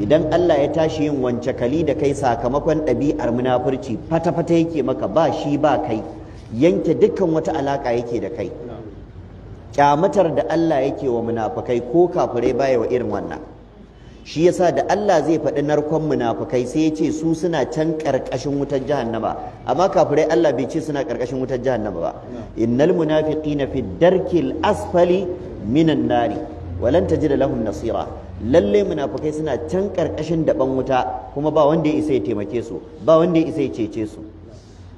idan Allah ya tashi yin wance kali da kai sakamakon ɗabi'ar munafurci fata-fata yake maka ba shi ba kai yanke dukkan wata alaka yake da kai kyamatar da Allah yake wa munafakai ko kafirai baya wa irin wannan shi yasa da Allah zai faɗi narkon munafukai sai ya ce su suna can ƙarƙashin wutar jahannama amma kafirai Allah bai ce suna ƙarƙashin wutar jahannama ba innal munafiqina fi darkil asfali minan nari walan tajida lahum nasira lalle munafukai suna can ƙarƙashin daban wuta kuma ba wanda ya isa ya taimake su ba wanda ya isa ya cece su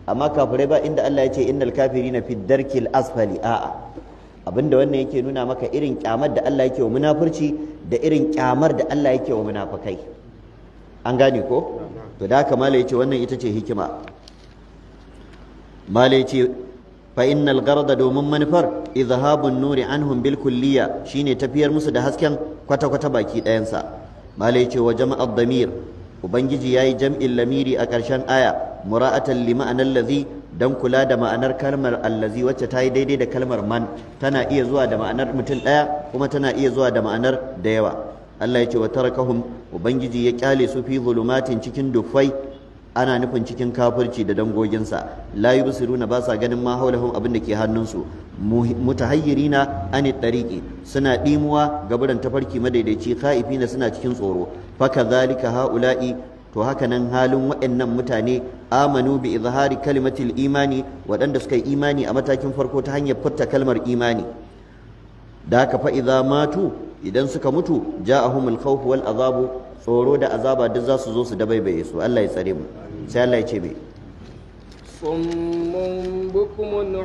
amma kafirai ba inda Allah ya ce innal kafirina fi darkil asfali a'a abinda wannan yake nuna maka irin kyamar da Allah yake wa munafurci da irin kyamar da Allah yake wa munafikai an gane ko to da haka malai yace wannan ita ce hikima malai yace fa innal gharada domin manufar izhabun nuri anhum bil kulliya shine tafiyar musu da hasken kwata kwata baki ɗayansa malai yace wa jama'ad damir ubangiji ya yi jam'in lamiri a ƙarshen aya mura'atan li ma'anar lazi dan kula da ma'anar kalmar allazi wacce ta yi daidai da kalmar man tana iya zuwa da ma'anar mutum ɗaya kuma tana iya zuwa da ma'anar da yawa Allah ya ce wa tarakahum ubangiji ya kyale su fi zulumatin cikin dufai ana nufin cikin kafirci da dangoginsa la yubsiruna ba sa ganin ma haulahum abin da ke hannunsu mutahayyirina ani tariqi suna dimuwa gaburan tafarki madaidaici khaifina suna cikin tsoro fakadhalika haula'i to haka nan halin waɗannan mutane amanu bi izhari kalimatil imani waɗanda suka yi imani a matakin farko ta hanyar furta kalmar imani da haka fa idza matu idan suka mutu ja'ahumul khawf wal azabu tsoro da azaba duk za su zo su dabaibaye su Allah ya tsare mu sai Allah ya ce me summun bukumun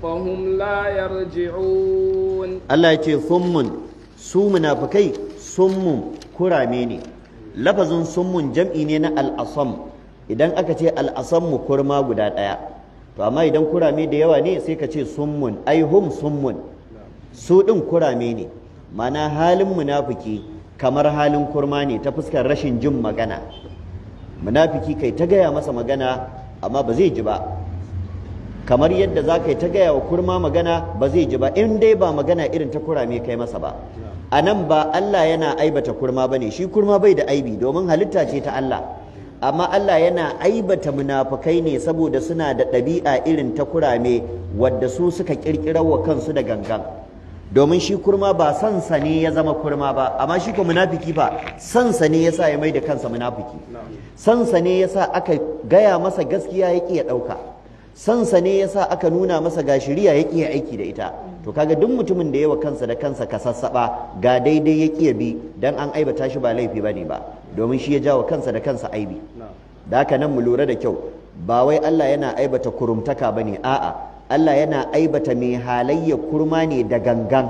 fahum la yarji'un Allah ya ce summun su munafikai summun kurame ne lafazin summun jam'i ne na al'asam idan aka ce al'asam mu kurma guda ɗaya to amma idan kurame da yawa ne sai ka ce summun ai hum summun su ɗin kurame ne mana halin munafiki kamar halin kurma ne ta fuskar rashin jin magana munafiki kai ta gaya masa magana amma ba zai ji ba kamar yadda za ka yi ta gaya wa kurma magana ba zai ji ba in dai ba magana irin ta kurame kai masa ba a nan ba Allah yana aibata kurma ba ne shi kurma bai da aibi domin halitta ce ta Allah amma Allah yana aibata munafukai ne saboda suna da ɗabi'a irin ta kurame wadda su suka ƙirƙirar wa kansu da gangan domin shi kurma ba son ne ya zama kurma ba amma shi ko munafiki ba son sa ne yasa ya mai da kansa munafiki son sa ne yasa aka gaya masa gaskiya ya ya dauka son sa ne yasa aka nuna masa gashiriya ya ya aiki da ita to kaga duk mutumin da yawa kansa da kansa ka sassaba ga daidai ya ya bi dan an aibata shi ba laifi bane ba domin shi ya jawo kansa da kansa aibi da haka nan mu lura da kyau ba wai Allah yana aibata kurumtaka bane a'a Allah yana aibata mai halayya kurma ne da gangan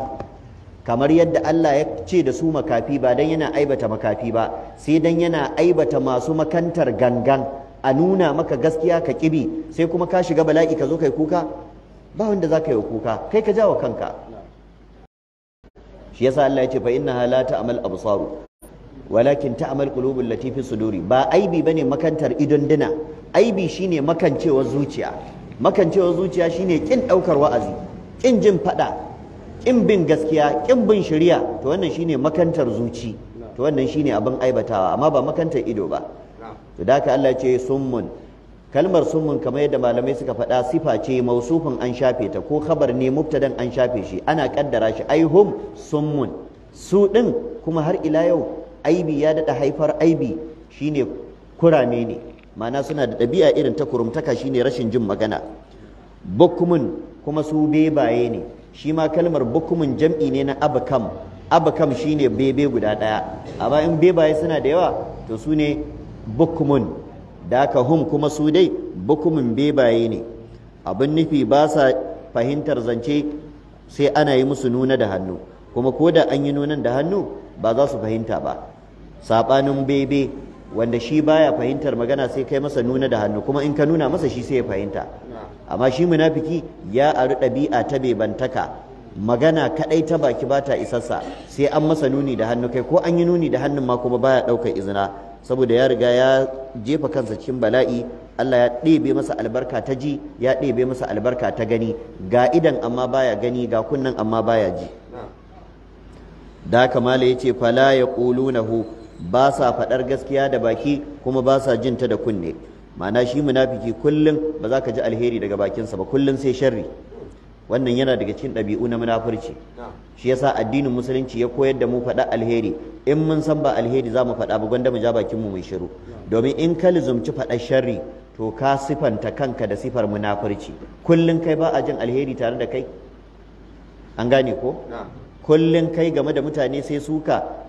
kamar yadda Allah ya ce da su makafi ba dan yana aibata makafi ba sai dan yana aibata masu makantar gangan a nuna maka gaskiya ka kibi sai kuma ka shiga bala'i ka zo kai kuka ba wanda za ka yi kuka kai ka jawo kanka shi yasa Allah ya ce fa hala la ta'mal absaru walakin ta'mal qulubul lati fi suduri ba aibi bane makantar idon dina aibi shine makancewar zuciya makancewar zuciya shine kin daukar wa'azi kin jin fada kin bin gaskiya kin bin shari'a to wannan shine makantar zuci to wannan shine abin aibatawa amma ba makantar ido ba to da Allah Allah ce summun kalmar summun kamar yadda malamai suka faɗa sifa ce mausufin an shafe ta ko khabar ne mubtadan an shafe shi ana kaddara shi aihum summun su din kuma har ila yau aibi ya dada haifar aibi shine kurame ne ma'ana suna da ɗabi'a irin ta kurumtaka shine rashin jin magana bukumin kuma su bebaye ne shi ma kalmar bukumin jam'i ne na abakam abakam shine bebe guda ɗaya amma in bebaye suna da yawa to su ne bukumin da aka hum kuma su dai bukumin bebaye ne abin nufi ba sa fahimtar zance sai ana yi musu nuna da hannu kuma ko da an yi nunan da hannu ba za su fahimta ba saɓanin bebe wanda shi baya fahimtar magana sai kai masa nuna da hannu kuma in ka nuna masa shi sai ya fahimta amma shi munafiki ya aru ɗabi'a ta bebantaka magana kadai ta baki ba ta isassa sai an masa nuni da hannu kai ko an yi nuni da hannun ma kuma baya ɗaukar izina saboda ya riga ya jefa kansa cikin bala'i Allah ya ɗebe masa albarka ta ji ya ɗebe masa albarka ta gani ga idan amma baya gani ga kunnan amma baya ji da kamala yace fala hu. ba sa faɗar gaskiya da baki kuma ba sa jin ta da kunne ma'ana shi munafiki kullum ba za ka ji alheri daga bakinsa ba kullum sai sharri wannan yana daga cikin ɗabi'u na munafurci shi yasa addinin musulunci ya koyar da mu faɗa alheri in mun san ba alheri za mu faɗa ba gwanda mu ja bakin mu mai shiru domin in ka lizumci faɗa sharri to ka sifanta kanka da sifar munafurci kullum kai ba a jin alheri tare da kai an gane ko kullum kai game da mutane sai suka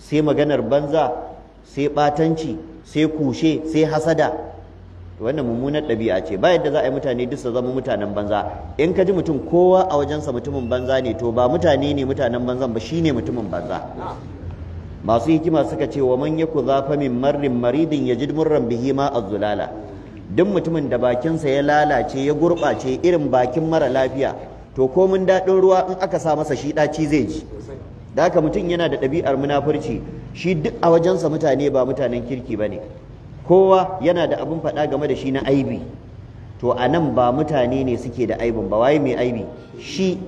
sai maganar banza sai batanci sai kushe sai hasada wannan mummunar ɗabi'a ce ba yadda za a yi mutane duk su zama mutanen banza in ka ji mutum kowa a wajensa mutumin banza ne to ba mutane ne mutanen banzan ba shine mutumin banza masu hikima suka ce wa man yaku zafa min marrin maridin ji murran bihi ma Zulala. duk mutumin da bakinsa ya lalace ya gurɓace irin bakin mara lafiya to komin daɗin ruwa in aka sa masa shi ɗaci zai ji da haka mutum yana da ɗabi'ar munafurci shi duk a wajensa mutane ba mutanen kirki ba ne kowa yana da abin faɗa game da shi na aibi to a nan ba mutane ne suke da aibin ba waye mai aibi shi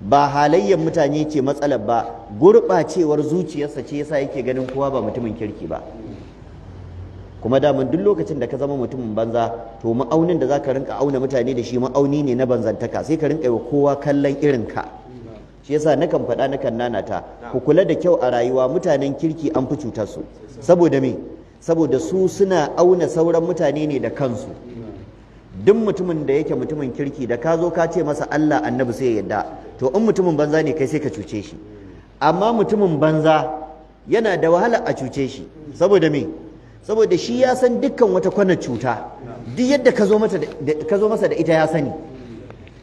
ba halayyar mutane ce matsalar ba gurɓacewar zuciyarsa ce yasa yake ganin kowa ba mutumin kirki ba kuma daman duk lokacin da ka zama mutumin banza to ma'aunin da za ka rinka auna mutane da shi ma'auni ne na banzantaka sai ka rinka yi wa kowa kallon irinka shi yasa nakan faɗa nakan nanata ku kula da kyau a rayuwa mutanen kirki an fi cutar su saboda me saboda su suna auna sauran mutane ne da kansu duk mutumin da yake mutumin kirki da ka zo ka ce masa Allah annabi sai ya yadda to in mutumin banza ne kai sai ka cuce shi amma mutumin banza yana da wahala a cuce shi saboda me saboda shi ya san dukkan wata kwana cuta duk yadda ka zo masa da ita ya sani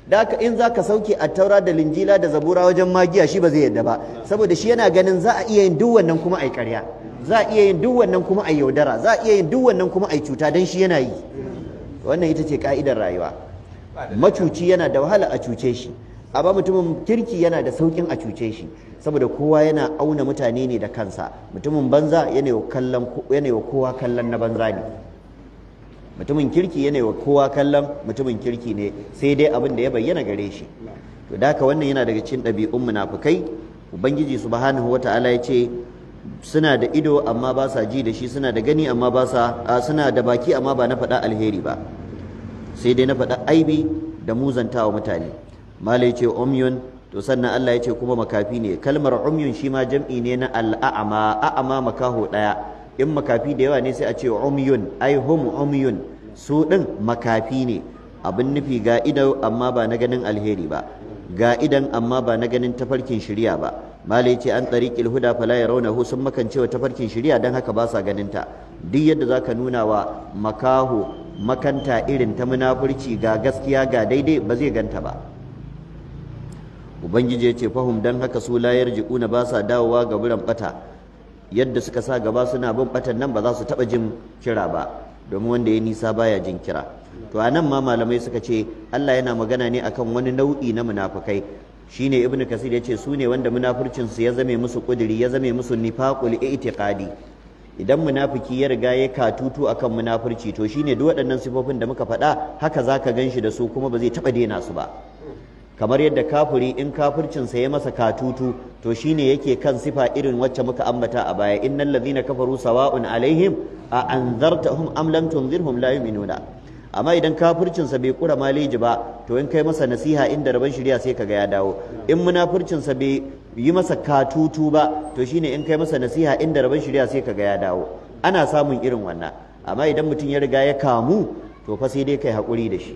da haka in za ka sauke a taura da linjila da zabura wajen magiya shi ba zai yadda ba saboda shi yana ganin za a iya yin duk wannan kuma yi ƙarya za a iya yin duk wannan kuma yi yaudara za a iya yin duk wannan kuma yi cuta don shi yana yi wannan ita ce ka'idar rayuwa macuci yana da wahala a cuce shi amma mutumin kirki yana da saukin a cuce shi saboda kowa yana auna mutane ne da kansa mutumin banza yana wa kowa kallon na banza ne mutumin kirki yana wa kowa kallon mutumin kirki ne sai dai abin da ya bayyana gare shi to da wannan yana daga cikin ɗabi'un munafukai ubangiji subhanahu wata'ala ya ce suna da ido amma ba sa ji da shi suna da gani amma ba sa suna da baki amma ba na faɗa alheri ba sai dai na fada aibi da muzantawa mutane malai ce umyun to sannan Allah ya ce kuma makafi ne kalmar umyun shi ma jam'i ne na al'a'ama a'ama makaho ɗaya in makafi da yawa ne sai a ce umyun ai hum umyun su din makafi ne abin nufi ga ido amma ba na ganin alheri ba ga idan amma ba na ganin tafarkin shiriya ba mala yace an tsariƙil huda fala ya rauna sun makance wa tafarkin shiriya dan haka ba sa ganin ta duk yadda zaka nuna wa makaho makanta irin ta munafurci ga gaskiya ga daidai ba zai ganta ba ubangiji ya ce fahim don haka su layar jiƙuna ba sa dawowa ga buran bata. yadda suka sa gaba suna bin batan nan ba za su taba jin kira ba domin wanda ya nisa baya jin kira to anan ma malamai suka ce Allah yana magana ne akan wani nau'i na munafikai shine ibnu kasir yace su ne wanda munafurcin su ya zame musu kudiri ya zame musu nifaqul i'tiqadi idan munafiki ya riga ya katutu akan munafurci to shine duk waɗannan sifofin da muka faɗa haka zaka ganshi da su kuma ba zai taba dena su ba kamar yadda kafuri in kafircinsa ya masa katutu to shine yake kan sifa irin wacce muka ambata a baya innal ladhina kafaru sawa'un alaihim a anzartahum am lam tunzirhum la yu'minuna amma idan kafircinsa bai kura maliji ba to in kai masa nasiha inda rabon shirya sai kaga ya dawo in munafircinsa bai yi masa katutu ba to shine in kai masa nasiha inda rabon shirya sai kaga ya dawo ana samun irin wannan amma idan mutum ya riga ya kamu to fa sai dai kai hakuri da shi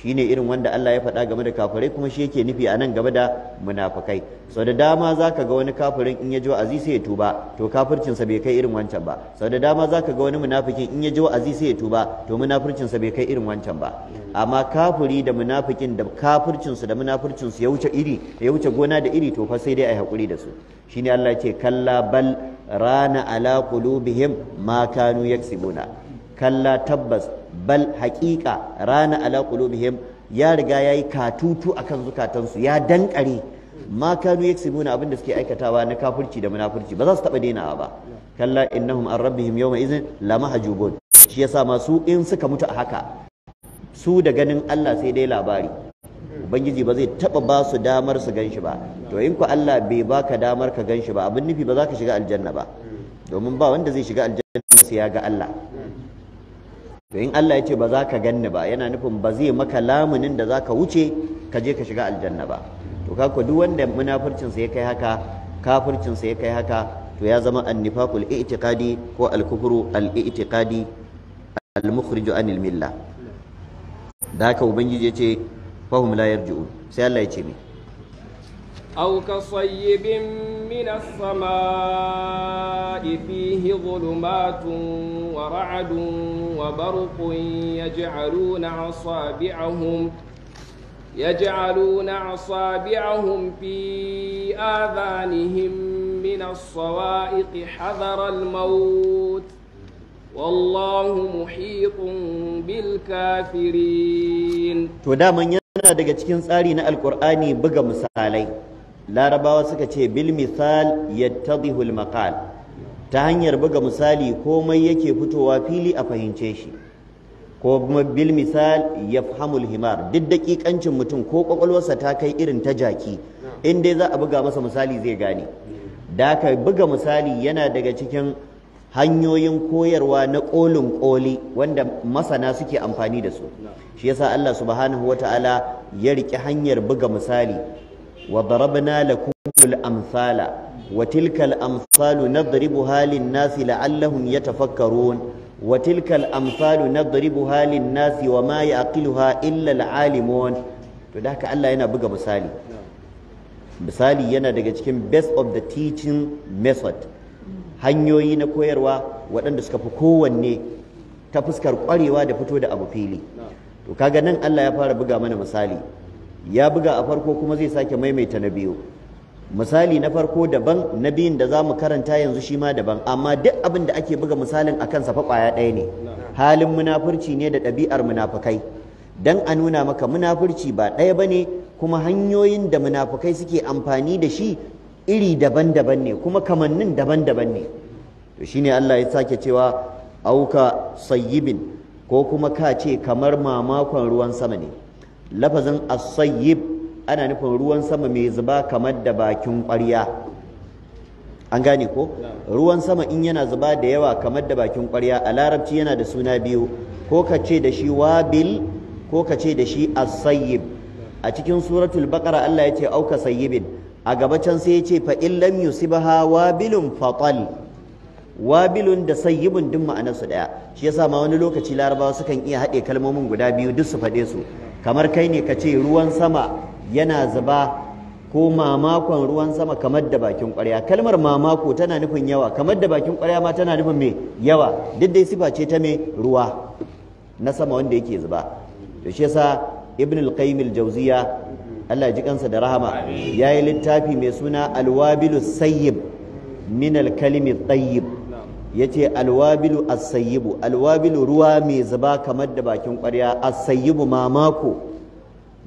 Shi ne irin wanda Allah ya faɗa game da kafirai kuma shi yake nufi a nan game da munafukai sau da dama ka ga wani kafirin in ya ji wa'azi sai ya tuba to kafircin bai kai irin wancan ba sau da dama ka ga wani munafikin in ya ji wa'azi sai ya tuba to munafircin bai kai irin wancan ba amma kafiri da munafikin da kafircinsu da munafircinsu ya wuce iri ya wuce gona da iri to fa sai dai ai haƙuri da su shine Allah ya ce kalla bal rana ala qulubihim ma kanu yaksibuna kalla tabbas bal haƙiƙa rana ala qulubihim ya riga yayi katutu akan zukatansu ya dankare ma kanu yaksibuna abin da suke aikatawa na kafurci da munafurci ba za su taɓa dainawa ba kalla innahum an rabbihim yawma idhin lamahjubun shi yasa masu in suka mutu a haka su da ganin Allah sai dai labari ubangiji ba zai taɓa ba su damar su ganshi ba to in ku Allah bai baka damar ka ganshi ba abin nufi ba za ka shiga aljanna ba domin ba wanda zai shiga aljanna sai ya ga Allah to in Allah ya ce ba za ka ganni ba yana nufin ba zai maka lamunin da za ka wuce ka je ka shiga aljanna ba to kako duk wanda munafircinsa ya kai haka kafircinsa ya kai haka to ya zama annifaqul i'tiqadi ko al-kufru al-i'tiqadi al-mukhrij anil milla da haka ubangiji ya ce fahum la yarji'un sai Allah ya ce mai أو كصيب من السماء فيه ظلمات ورعد وبرق يجعلون أصابعهم يجعلون أصابعهم في آذانهم من الصوائق حذر الموت والله محيط بالكافرين to daman yana daga cikin tsari na alkur'ani buga misalai larabawa suka ce bil misal yattadhihu maqal ta hanyar buga misali komai yake fitowa fili a fahimce shi ko bil misal ya himar duk dakikancin mutum ko kwakwalwarsa ta kai irin ta jaki in dai za a buga masa misali zai gane da ka buga misali yana daga cikin hanyoyin koyarwa na kolin koli wanda masana suke amfani da su shi yasa Allah subhanahu wataala ya rike hanyar buga misali wa darabna lakum amsala watilkal tilka al-amsalu nadribuha nasi la'allahum yatafakkarun wa tilka al-amsalu nadribuha lin-nasi wa ma yaqiluha illa al to da haka Allah yana buga misali misali yana daga cikin best of the teaching method hanyoyi na koyarwa waɗanda suka fi kowanne ta fuskar ƙwarewa da fito da abu fili to kaga nan Allah ya fara buga mana misali ya buga a farko kuma zai sake maimaita na biyu misali na farko daban na biyun da za mu karanta yanzu shi ma daban amma duk abin da ake buga misalin a kansa fa kwaya ɗaya ne halin munafurci ne da ɗabi'ar munafukai dan a nuna maka munafurci ba ɗaya ba ne kuma hanyoyin da munafukai suke amfani da shi iri daban-daban ne kuma kamannin daban-daban ne to shine Allah ya sake cewa auka sayyibin ko kuma ka ce kamar mamakon ruwan sama ne lafazin asayib ana nufin ruwan sama mai zuba kamar da bakin ƙwarya an gane ko ruwan sama in yana zuba da yawa kamar da bakin ƙwarya a larabci yana da suna biyu ko ka ce da shi wabil ko ka ce da shi asayib a cikin suratul baqara Allah ya ce auka sayyibin a gaba can sai ya ce fa in lam yusibha wabilun fatal wabilun da sayyibun duk su ɗaya. shi yasa ma wani lokaci larabawa sukan iya haɗe kalmomin guda biyu duk su faɗe su kamar kai ne ka ce ruwan sama yana zuba ko mamakon ruwan sama kamar da bakin ƙwarya kalmar mamako tana nufin yawa kamar da bakin ƙwarya ma tana nufin me yawa duk dai sifa ce ta me ruwa na sama wanda yake zuba to shi yasa ibn al-qayyim al-jawziya Allah ya ji kansa da rahama yayi littafi mai suna al-wabilu sayyib min al-kalimi yace alwabilu as-sayyibu alwabilu ruwa mai zuba kamar da bakin kwarya as-sayyibu mamako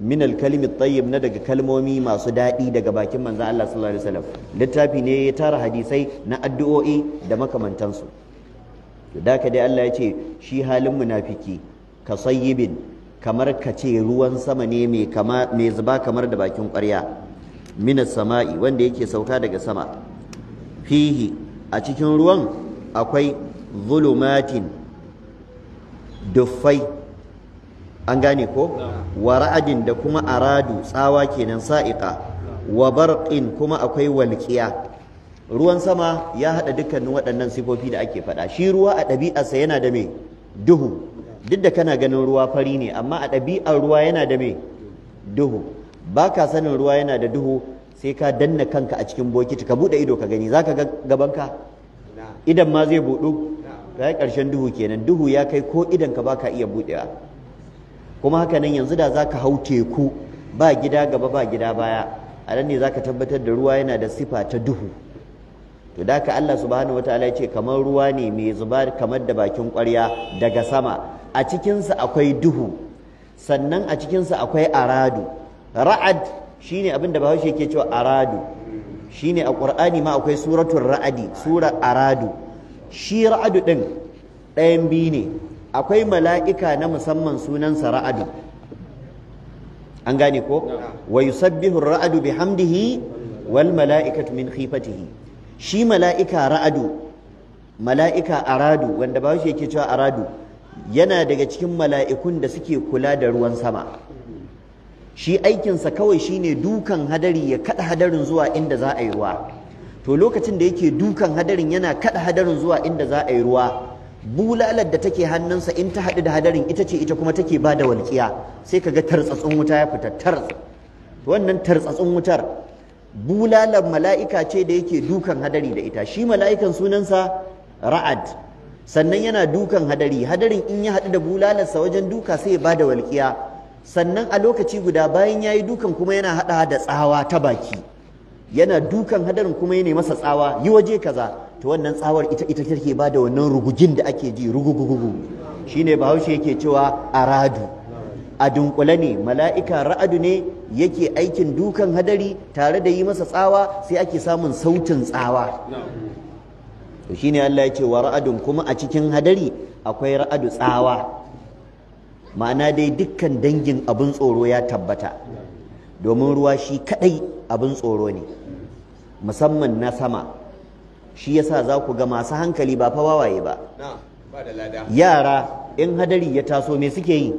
min al-kalimi tayyib na daga kalmomi masu daɗi daga bakin manzon Allah sallallahu alaihi wasallam littafi ne ya tara hadisai na addu'o'i da makamantansu to da ka dai Allah yace shi halin munafiki ka sayyibin kamar ka ce ruwan sama ne mai kama zuba kamar da bakin kwarya min as-sama'i wanda yake sauka daga sama fihi a cikin ruwan akwai zulumatin duffai an gane ko wa ra'adin da kuma aradu tsawa kenan sa'iqa wa barqin kuma akwai walqiya ruwan sama ya hada dukkanin waɗannan sifofi da ake faɗa shi ruwa a ɗabi'arsa yana da me duhu duk da kana ganin ruwa fari ne amma a ɗabi'ar ruwa yana da me duhu baka sanin ruwa yana da duhu sai ka danna kanka a cikin bokiti ka buɗe ido ka gani za ka ga gabanka idan ma zai buɗu ga ƙarshen duhu kenan duhu ya kai ko idan ka baka iya buɗewa kuma haka nan yanzu da zaka hau teku ba gida gaba ba gida baya a nan ne zaka tabbatar da ruwa yana da sifa ta duhu to da ka Allah subhanahu wataala ya ce kamar ruwa ne mai zuba kamar da bakin ƙwarya daga sama a cikinsa akwai duhu sannan a cikinsa akwai aradu ra'ad shine abin da bahaushe ke cewa aradu shine a Qur'ani ma akwai suratul ra'adi sura aradu shi ra'adu din ɗayan biyu ne akwai mala'ika na musamman sunansa ra'adu an gane ko wa yusabbihu ra'adu bihamdihi wal mala'ikatu min khifatihi shi mala'ika ra'adu mala'ika aradu wanda ba shi yake cewa aradu yana daga cikin mala'ikun da suke kula da ruwan sama shi aikinsa kawai shi ne dukan hadari ya kaɗa hadarin zuwa inda za a yi ruwa to lokacin da yake dukan hadarin yana kaɗa hadarin zuwa inda za a yi ruwa bulalar da take hannunsa in ta haɗu da hadarin ita ce ita kuma take ba da walƙiya sai ka ga tartsatsun wuta ya fita tars wannan tartsatsun wutar bulalar mala'ika ce da yake dukan hadari da ita shi mala'ikan sunansa ra'ad sannan yana dukan hadari hadarin in ya haɗu da bulalarsa wajen duka sai ya ba da walƙiya sannan a lokaci guda bayan ya yi dukan kuma yana haɗa da tsawa ta baki yana dukan hadarin kuma yana masa tsawa yi waje kaza to wannan tsawar ita ita take ba da wannan rugugin da ake ji rugugugugu shine bahaushe yake cewa aradu a dunkule ne mala'ika ra'adu ne yake aikin dukan hadari tare da yi masa tsawa sai ake samun sautin tsawa to shine Allah ya ce wa ra'adun kuma a cikin hadari akwai ra'adu tsawa ma'ana dai dukkan dangin abin tsoro ya tabbata domin ruwa shi kadai abin tsoro ne musamman na sama shi yasa za ku ga masu hankali ba fa wawaye ba yara in hadari ya taso me suke yi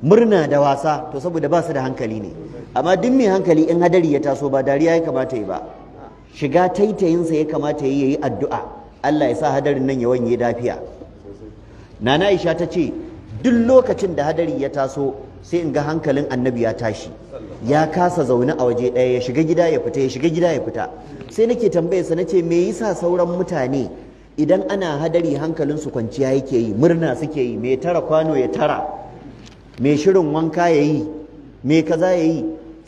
murna da wasa to saboda ba su da hankali ne amma duk mai hankali in hadari ya taso ba dariya ya kamata yi ba shiga taitayinsa ya kamata yi yayi addu'a Allah ya sa hadarin nan ya wanye lafiya nana Aisha ta ce duk lokacin da hadari ya taso sai in ga hankalin annabi ya tashi ya kasa zaune a waje ɗaya ya shiga gida ya fita ya shiga gida ya fita sai nake tambaya sa nace me yasa sauran mutane idan ana hadari hankalin su kwanciya yake yi murna suke yi me tara kwano ya tara me shirin wanka ya yi me kaza ya yi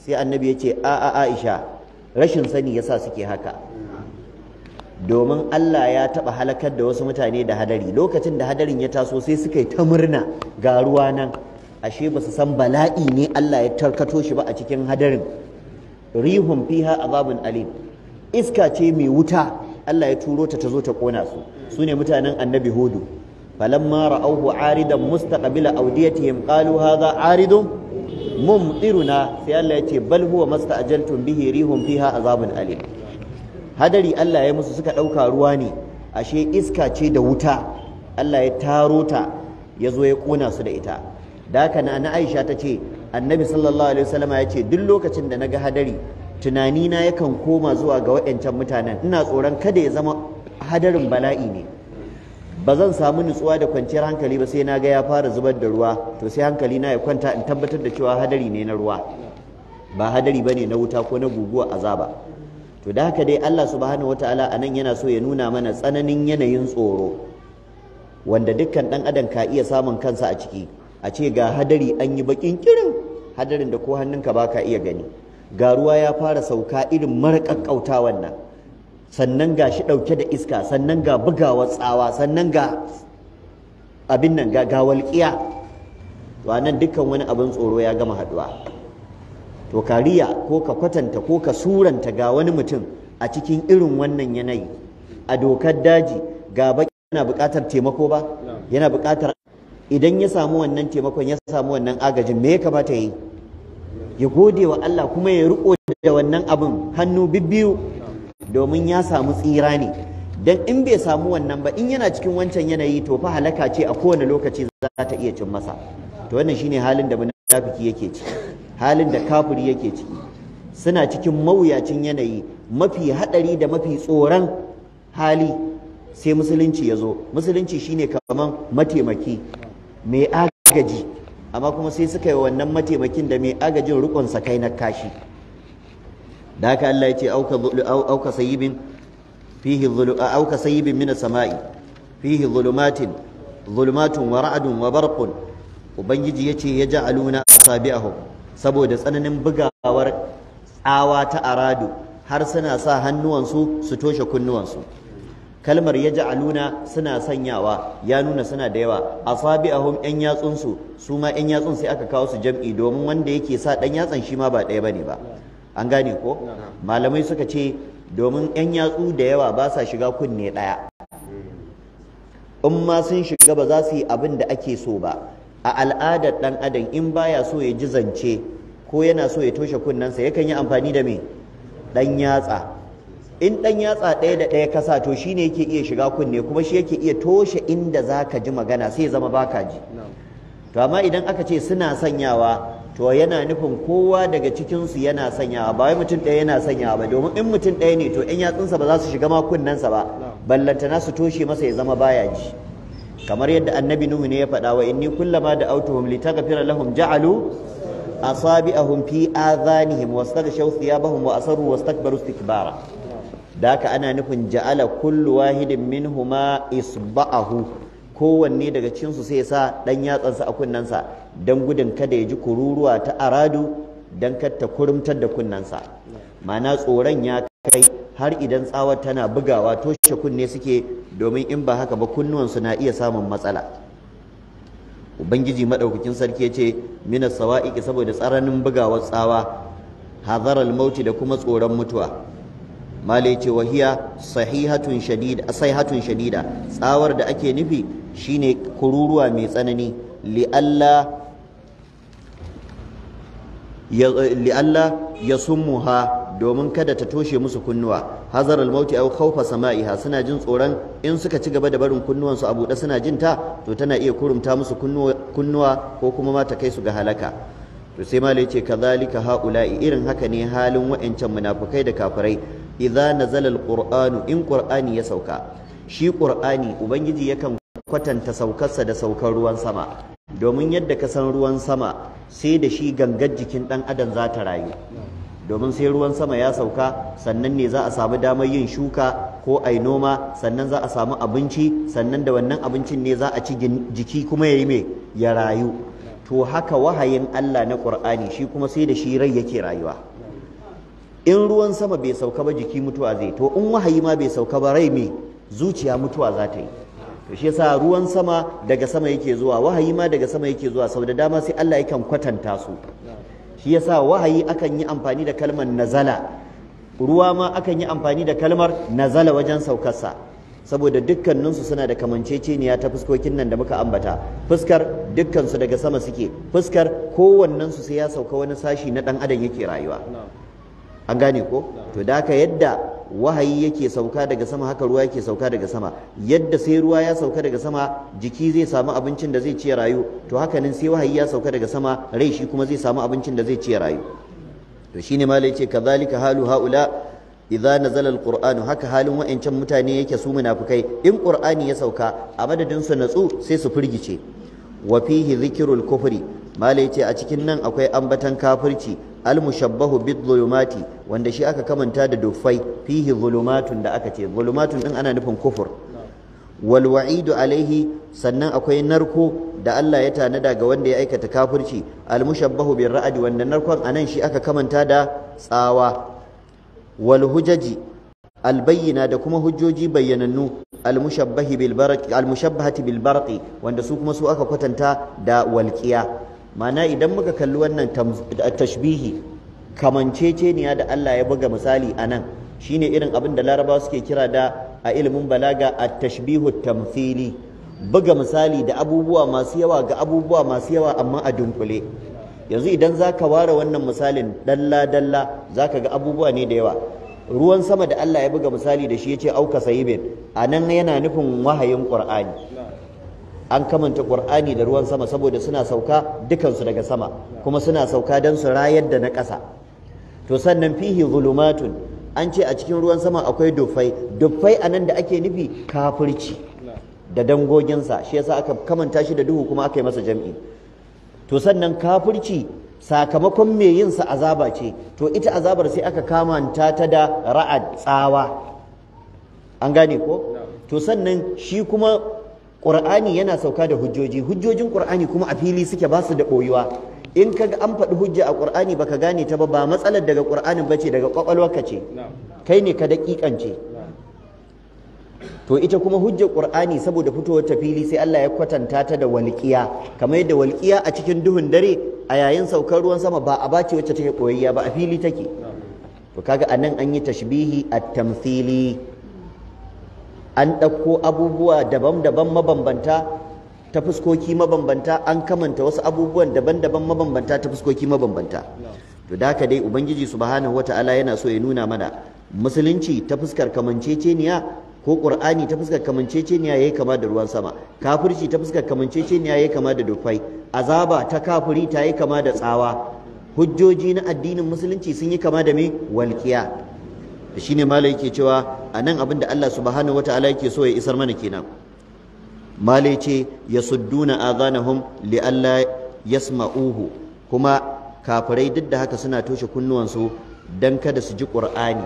sai annabi ya ce a a Aisha rashin sani yasa suke haka domin Allah ya taɓa halakar da wasu mutane da hadari lokacin da hadarin ya taso sai suka yi ta murna ga ruwa nan ashe ba su san bala'i ne Allah ya tarkato shi ba a cikin hadarin rihun fiha azabun alim iska ce mai wuta Allah ya turo ta ta zo ta kona su su ne mutanen annabi hudu falamma ra'awhu aridan mustaqbila awdiyatihim qalu hadha aridun mumtiruna sai Allah ya ce bal huwa mastajaltum bihi rihun fiha azabun alim hadari Allah ya musu suka ɗauka ruwa ne ashe iska ce da wuta Allah ya taro ta ya zo ya ƙona su da ita da haka na na Aisha ta ce annabi sallallahu alaihi wasallama ya ce duk lokacin da na ga hadari tunanina yakan koma zuwa ga waɗancan mutanen ina tsoron kada ya zama hadarin bala'i ne ba zan samu nutsuwa da kwanciyar hankali ba sai na ga ya fara zubar da ruwa to sai hankali na ya kwanta in tabbatar da cewa hadari ne na ruwa ba hadari bane na wuta ko na guguwa azaba to da haka dai Allah subhanahu wataala anan yana so ya nuna mana tsananin yanayin tsoro wanda dukkan dan adam ka iya samun kansa a ciki a ce ga hadari an yi bakin kirin hadarin da ko hannunka baka iya gani ga ruwa ya fara sauka irin marakakkautawa wannan sannan ga shi dauke da iska sannan ga bugawa tsawa sannan ga abin nan ga gawalkiya to anan dukkan wani abin tsoro ya gama haduwa to kariya ko ka kwatanta ko ka suranta ga wani mutum a cikin irin wannan yanayi a dokar daji ga baki yana buƙatar taimako ba yana buƙatar idan ya samu wannan taimakon ya samu wannan agajin me ya kamata yi ya gode wa Allah kuma ya riko da wannan abin hannu bibbiyu domin ya samu tsira ne dan in bai samu wannan ba in yana cikin wancan yanayi to fa halaka ce a kowane lokaci za ta iya cin masa to wannan shine halin da munafiki yake ciki halin da kafiri yake ciki suna cikin mawuyacin yanayi mafi haɗari da mafi tsoron hali sai musulunci ya zo musulunci shine kaman mataimaki mai agaji amma kuma sai suka yi wannan mataimakin da mai agajin rukun kai na kashi da haka Allah ya ce auka sayibin fihi auka sayibin min samai fihi dhulumatin zulumatun wa ra'adun wa barqun ubangiji yace yaj'aluna asabi'ahum saboda tsananin bugawar tsawa ta aradu har suna sa hannuwansu su toshe kunnuwansu kalmar ya ja'aluna suna sanyawa ya nuna suna da yawa A hun yan yatsunsu su ma yan yatsun sai aka kawo su jam'i domin wanda yake sa ɗan yatsan shi ma ba ɗaya bane ba an gane ko malamai suka ce domin yan yatsu da yawa ba sa shiga kunne ɗaya in ma sun shiga ba za su yi abin da ake so ba a al'adar dan adam in baya so ya ji zance ko yana so ya toshe kunnensa yakan yi amfani da me dan yatsa in dan yatsa ɗaya da ɗaya kasa to shine yake iya shiga kunne kuma shi yake iya toshe inda zaka ji magana sai ya zama baka ji to amma idan aka ce suna sanyawa to yana nufin kowa daga cikinsu yana sanyawa ba wai mutum ɗaya yana sanyawa ba domin in mutum ɗaya ne to 'yan yatsunsa ba za su shiga ma kunnensa ba ballantana su toshe masa ya zama baya ji kamar yadda annabi nuhu ne ya faɗa wa inni kullama da autuhum litaghfira lahum ja'alu asabi'ahum fi adhanihim wastaghshaw thiyabahum wa asarru wastakbaru istikbara da haka ana nufin ja'ala kullu wahidin minhuma isba'ahu kowanne daga cikin su sai ya sa dan yatsansa a kunnensa dan gudun kada ya ji kururuwa ta aradu dan kar ta kurumtar da kunnensa mana tsoron ya kai har idan tsawar tana bugawa toshe kunne suke domin in ba haka ba kunnuwansu na iya samun matsala ubangiji madaukakin sarki ya ce minas sawa'iki saboda tsaranin bugawar tsawa hazaral mauti da kuma tsoron mutuwa malai ce wahiya sahihatun shadida sayhatun shadida tsawar da ake nufi shine kururuwa mai tsanani li alla ya summuha domin kada ta toshe musu kunnuwa hazar almauti au khawfa sama'iha suna jin tsoron in suka ci gaba da barin kunnuwansu a buɗe suna jin ta to tana iya kurumta musu kunnuwa ko kuma ma ta kai su ga halaka to sai malai yace kadhalika haula'i irin haka ne halin wa'ancan munafukai da kafirai idza nazala alqur'anu in qur'ani ya sauka shi qur'ani ubangiji yakan kwatanta saukarsa da saukar ruwan sama domin yadda ka san ruwan sama sai da shi gangar jikin dan adam za ta rayu domin sai ruwan sama ya sauka sannan ne za a samu damar yin shuka ko ai noma sannan za a samu abinci sannan da wannan abincin ne za a ci jiki kuma ya yi mai ya rayu to haka wahayin Allah na ƙur'ani shi kuma sai da shi rai yake rayuwa in ruwan sama bai sauka ba jiki mutuwa zai to in wahayi ma bai sauka ba rai mai zuciya mutuwa za ta yi to shi yasa ruwan sama daga sama yake zuwa wahayi ma daga sama yake zuwa sau da dama sai Allah yakan kwatanta su shi yasa wahayi akan yi amfani da kalmar nazala ruwa ma akan yi amfani da kalmar nazala wajen saukarsa saboda dukkaninsu suna da kamanceceniya ta fuskokin nan da muka ambata fuskar dukkansu daga sama suke fuskar kowannensu sai ya sauka wani sashi na ɗan adam yake rayuwa an gane ko to da yadda wahayi yake sauka daga sama haka ruwa yake sauka daga sama yadda sai ruwa ya sauka daga sama jiki zai samu abincin da zai ci rayu to haka nan sai wahayi ya sauka daga sama rai shi kuma zai samu abincin da zai ci rayu to shine malai yace kazalika halu haula idza nazala alquran haka halin wa'ancan mutane yake su munafikai in qur'ani ya sauka a madadin su natsu sai su firgice wa fihi zikrul kufri malai yace a cikin nan akwai ambatan kafirci almushabbahu mushabbahu bidh-dhulumati wanda shi aka kamanta da dufai fihi zulumatun da aka ce zulumatun din ana nufin kufur wal wa'idu alaihi sannan akwai narko da Allah ya tanada ga wanda ya aikata kafirci al mushabbahu bir ra'adi wanda narkon anan shi aka kamanta da tsawa wal hujaji al da kuma hujjoji bayyanannu almushabbahati bil barq bil wanda su kuma su aka kwatanta da walqiya mana idan muka kalli wannan tashbihi kamanceceniya da Allah ya buga misali a nan shine irin abin da larabawa suke kira da a ilimin balaga a tashbihu tamfili buga misali da abubuwa masu yawa ga abubuwa masu yawa amma a dunkule yanzu idan za ka ware wannan misalin dalla-dalla za ka ga abubuwa ne da yawa ruwan sama da Allah ya buga misali da shi ya ce auka sayibin a nan yana nufin wahayin ƙur'ani an kamanta qur'ani da ruwan sama saboda suna sauka dukansu daga sama kuma suna sauka don su rayar da na ƙasa to sannan fihi zulumatun an ce a cikin ruwan sama akwai dufai dufai nan da ake nufi kafirci da dangoginsa shi yasa aka kamanta shi da duhu kuma aka yi masa jam'i to sannan kafirci sakamakon mai yin sa azaba ce to ita azabar sai aka kamanta ta da ra'ad tsawa an gane ko to sannan shi kuma qur'ani yana sauka da hujjoji hujjojin qur'ani kuma a fili suke ba su da boyuwa in kaga an faɗi hujja a qur'ani baka gane ta ba ba matsalar daga ba bace daga ka ce kai ne ka daƙiƙance to ita kuma hujjar qur'ani saboda fitowar ta fili sai Allah ya kwatanta ta da walƙiya kamar yadda walƙiya a cikin duhun dare a yayin saukar ruwan sama ba a bace wacce take koyayya ba a fili take to kaga anan an yi tashbihi at-tamthili an ɗauko abubuwa daban-daban mabambanta ta fuskoki mabambanta an kamanta wasu abubuwan daban-daban mabambanta ta fuskoki mabambanta to da dai ubangiji subhanahu wata'ala yana so ya nuna mana musulunci ta fuskar kamanceceniya ko qur'ani ta fuskar kamanceceniya yayi kama da ruwan sama kafirci ta fuskar kamanceceniya yayi kama da dufai azaba ta kafiri ta yi kama da tsawa hujjoji na addinin musulunci sun yi kama da me walkiya da shi ne malai yake cewa 'A nan abin da Allah subhanahu wataala yake so ya isar mana kenan malai ce yasudduna azanahum li alla yasma'uhu kuma kafirai duk da haka suna toshe kunnuwansu dan kada su ji qur'ani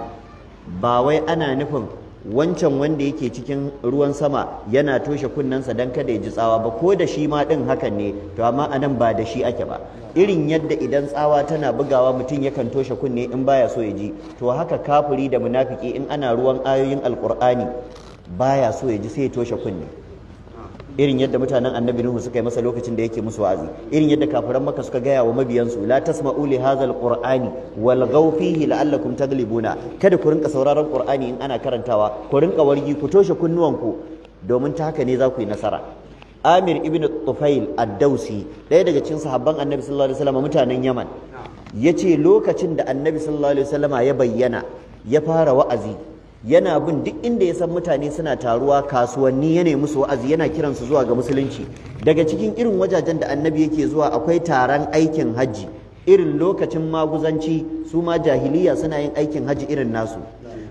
ba wai ana nufin wancan wanda yake cikin ruwan sama yana toshe kunnensa don kada ya ji tsawa ba ko da shi ma ɗin hakan ne to amma a nan ba da shi ake ba irin yadda idan tsawa tana bugawa mutum yakan toshe kunne in baya so ya ji to haka kafuri da munafiki in ana ruwan ayoyin alkur'ani baya so ya ji sai toshe kunne irin yadda mutanen annabi nuhu suka yi masa lokacin da yake musu wa'azi irin yadda kafiran maka suka gaya wa mabiyansu la tasma'u li hadzal qur'ani wal fihi la'allakum taglibuna kada ku rinka sauraron qur'ani in ana karantawa ku rinka wargi ku toshe kunnuwanku domin ta haka ne za ku yi nasara Amir ibn Tufail ad-Dausi ɗaya daga cikin sahabban Annabi sallallahu alaihi wasallam mutanen Yaman ce lokacin da Annabi sallallahu alaihi wasallama ya bayyana ya fara wa'azi yana bin duk inda ya san mutane suna taruwa kasuwanni ya nemi su wa'azi yana kiransu su zuwa ga musulunci daga cikin irin wajajen da annabi yake zuwa akwai taron aikin hajji irin lokacin maguzanci su ma jahiliya suna yin aikin hajji irin nasu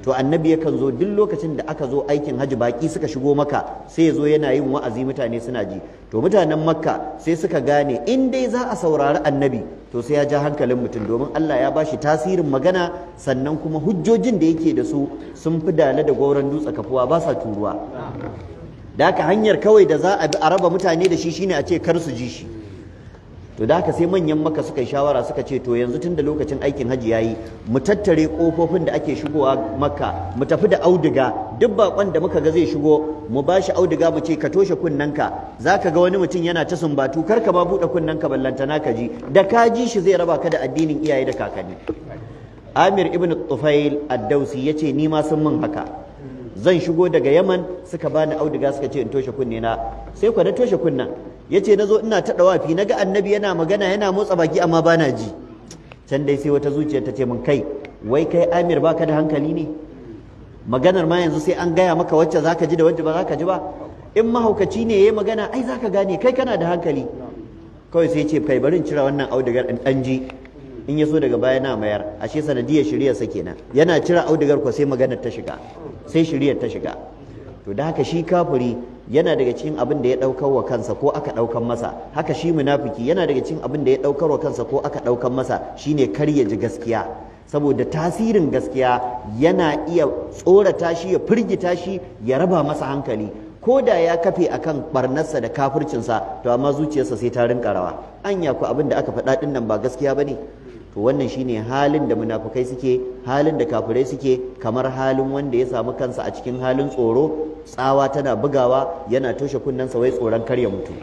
to annabi yakan zo duk lokacin da aka zo aikin hajji baki suka shigo maka sai ya zo yana yin wa'azi mutane suna ji to mutanen makka sai suka gane in dai za a saurari annabi to sai ya ja hankalin mutum domin Allah ya bashi tasirin magana sannan kuma hujjojin da yake da su sun fi dala da gauran dutse kafuwa ba sa turuwa da haka hanyar kawai da za a raba mutane da shi shine a ce kar su ji shi to da haka sai manyan maka suka yi shawara suka ce to yanzu tun da lokacin aikin hajji yayi mu tattare kofofin da ake shigowa makka mu tafi da auduga duk bakon da muka ga zai shigo mu ba shi auduga mu ce ka toshe kunnanka zaka ga wani mutum yana ta sumbatu kar ka ma buɗe kunnanka ballantana ka ji da ka ji shi zai raba ka da addinin iyaye da kakanni Amir ibn Tufail ad dawsi yace ni ma sun min haka zan shigo daga Yaman suka bani auduga suka ce in toshe kunne na sai ku da toshe kunnan ya ce na zo ina ta na ga annabi yana magana yana motsa baki amma bana ji can dai sai wata zuciya ta ce min kai wai kai Amir baka da hankali ne maganar ma yanzu sai an gaya maka wacce zaka ji da wacce ba zaka ji ba in mahaukaci ne yayi magana ai zaka gane kai kana da hankali kawai sai ce kai barin cira wannan audigar dan ji in ya so daga baya na mayar ashe sanadiyar shirya sa kenan yana cira audigar ko sai maganar ta shiga sai shiryar ta shiga to da haka shi kafuri. yana daga cikin abin da ya daukar wa kansa ko aka daukar masa haka shi munafiki yana daga cikin abin da ya ɗaukar wa kansa ko aka daukar masa shine kar ya ji gaskiya saboda tasirin gaskiya yana iya tsorata shi ya firgita shi ya raba masa hankali ko da ya kafe akan barnarsa da kafircinsa to amma zuciyarsa sai ta rinka rawa anya ku abin da aka faɗa ɗin nan ba gaskiya bane to wannan shine halin da munafukai suke halin da kafirai suke kamar halin wanda ya samu kansa a cikin halin tsoro tsawa tana bugawa yana toshe kunnensa wai tsoron karya mutu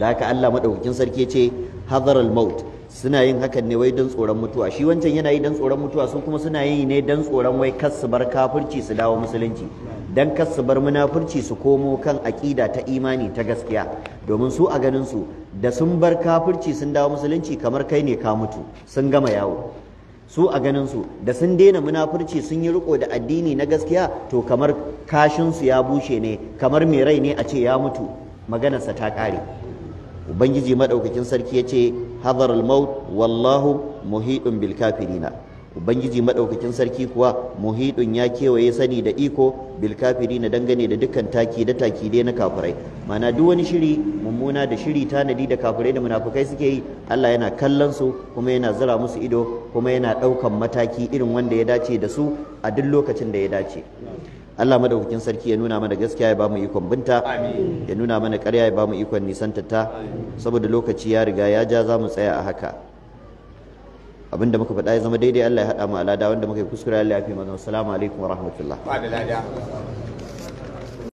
da haka Allah madaukakin sarki ce hadaral maut suna yin hakan ne wai don tsoron mutuwa shi wancan yana yi don tsoron mutuwa su kuma suna yi ne don tsoron wai kas su bar kafirci su dawo musulunci dan kar su bar munafurci su komo kan aƙida ta imani ta gaskiya domin su a ganin su da sun bar kafirci sun dawo musulunci kamar kai ne ka mutu sun gama yawo su a ganin su da sun daina munafurci sun yi riko da addini na gaskiya to kamar kashin su ya bushe ne kamar mai rai ne a ce ya mutu maganarsa ta kare ubangiji madaukakin sarki yace ce hadar al-maut wallahu muhiqun bil kafirina ubangiji madaukakin sarki kuwa muhidun ya kewaye sani da iko bil na dangane da dukkan taki da taki dai na kafirai mana duk wani shiri mummuna da shiri tanadi da kafirai da munafukai suke yi Allah yana kallon su kuma yana zira musu ido kuma yana ɗaukan mataki irin wanda ya dace da su a duk lokacin da ya dace Allah madaukakin sarki ya nuna mana gaskiya ya bamu ikon binta ya nuna mana ƙarya ya bamu ikon nisantata saboda lokaci ya riga ya ja za mu tsaya a haka abinda muka faɗa ya zama daidai Allah ya haɗa mu alada wanda muka yi kuskure Allah ya fi mana assalamu alaikum wa rahmatullah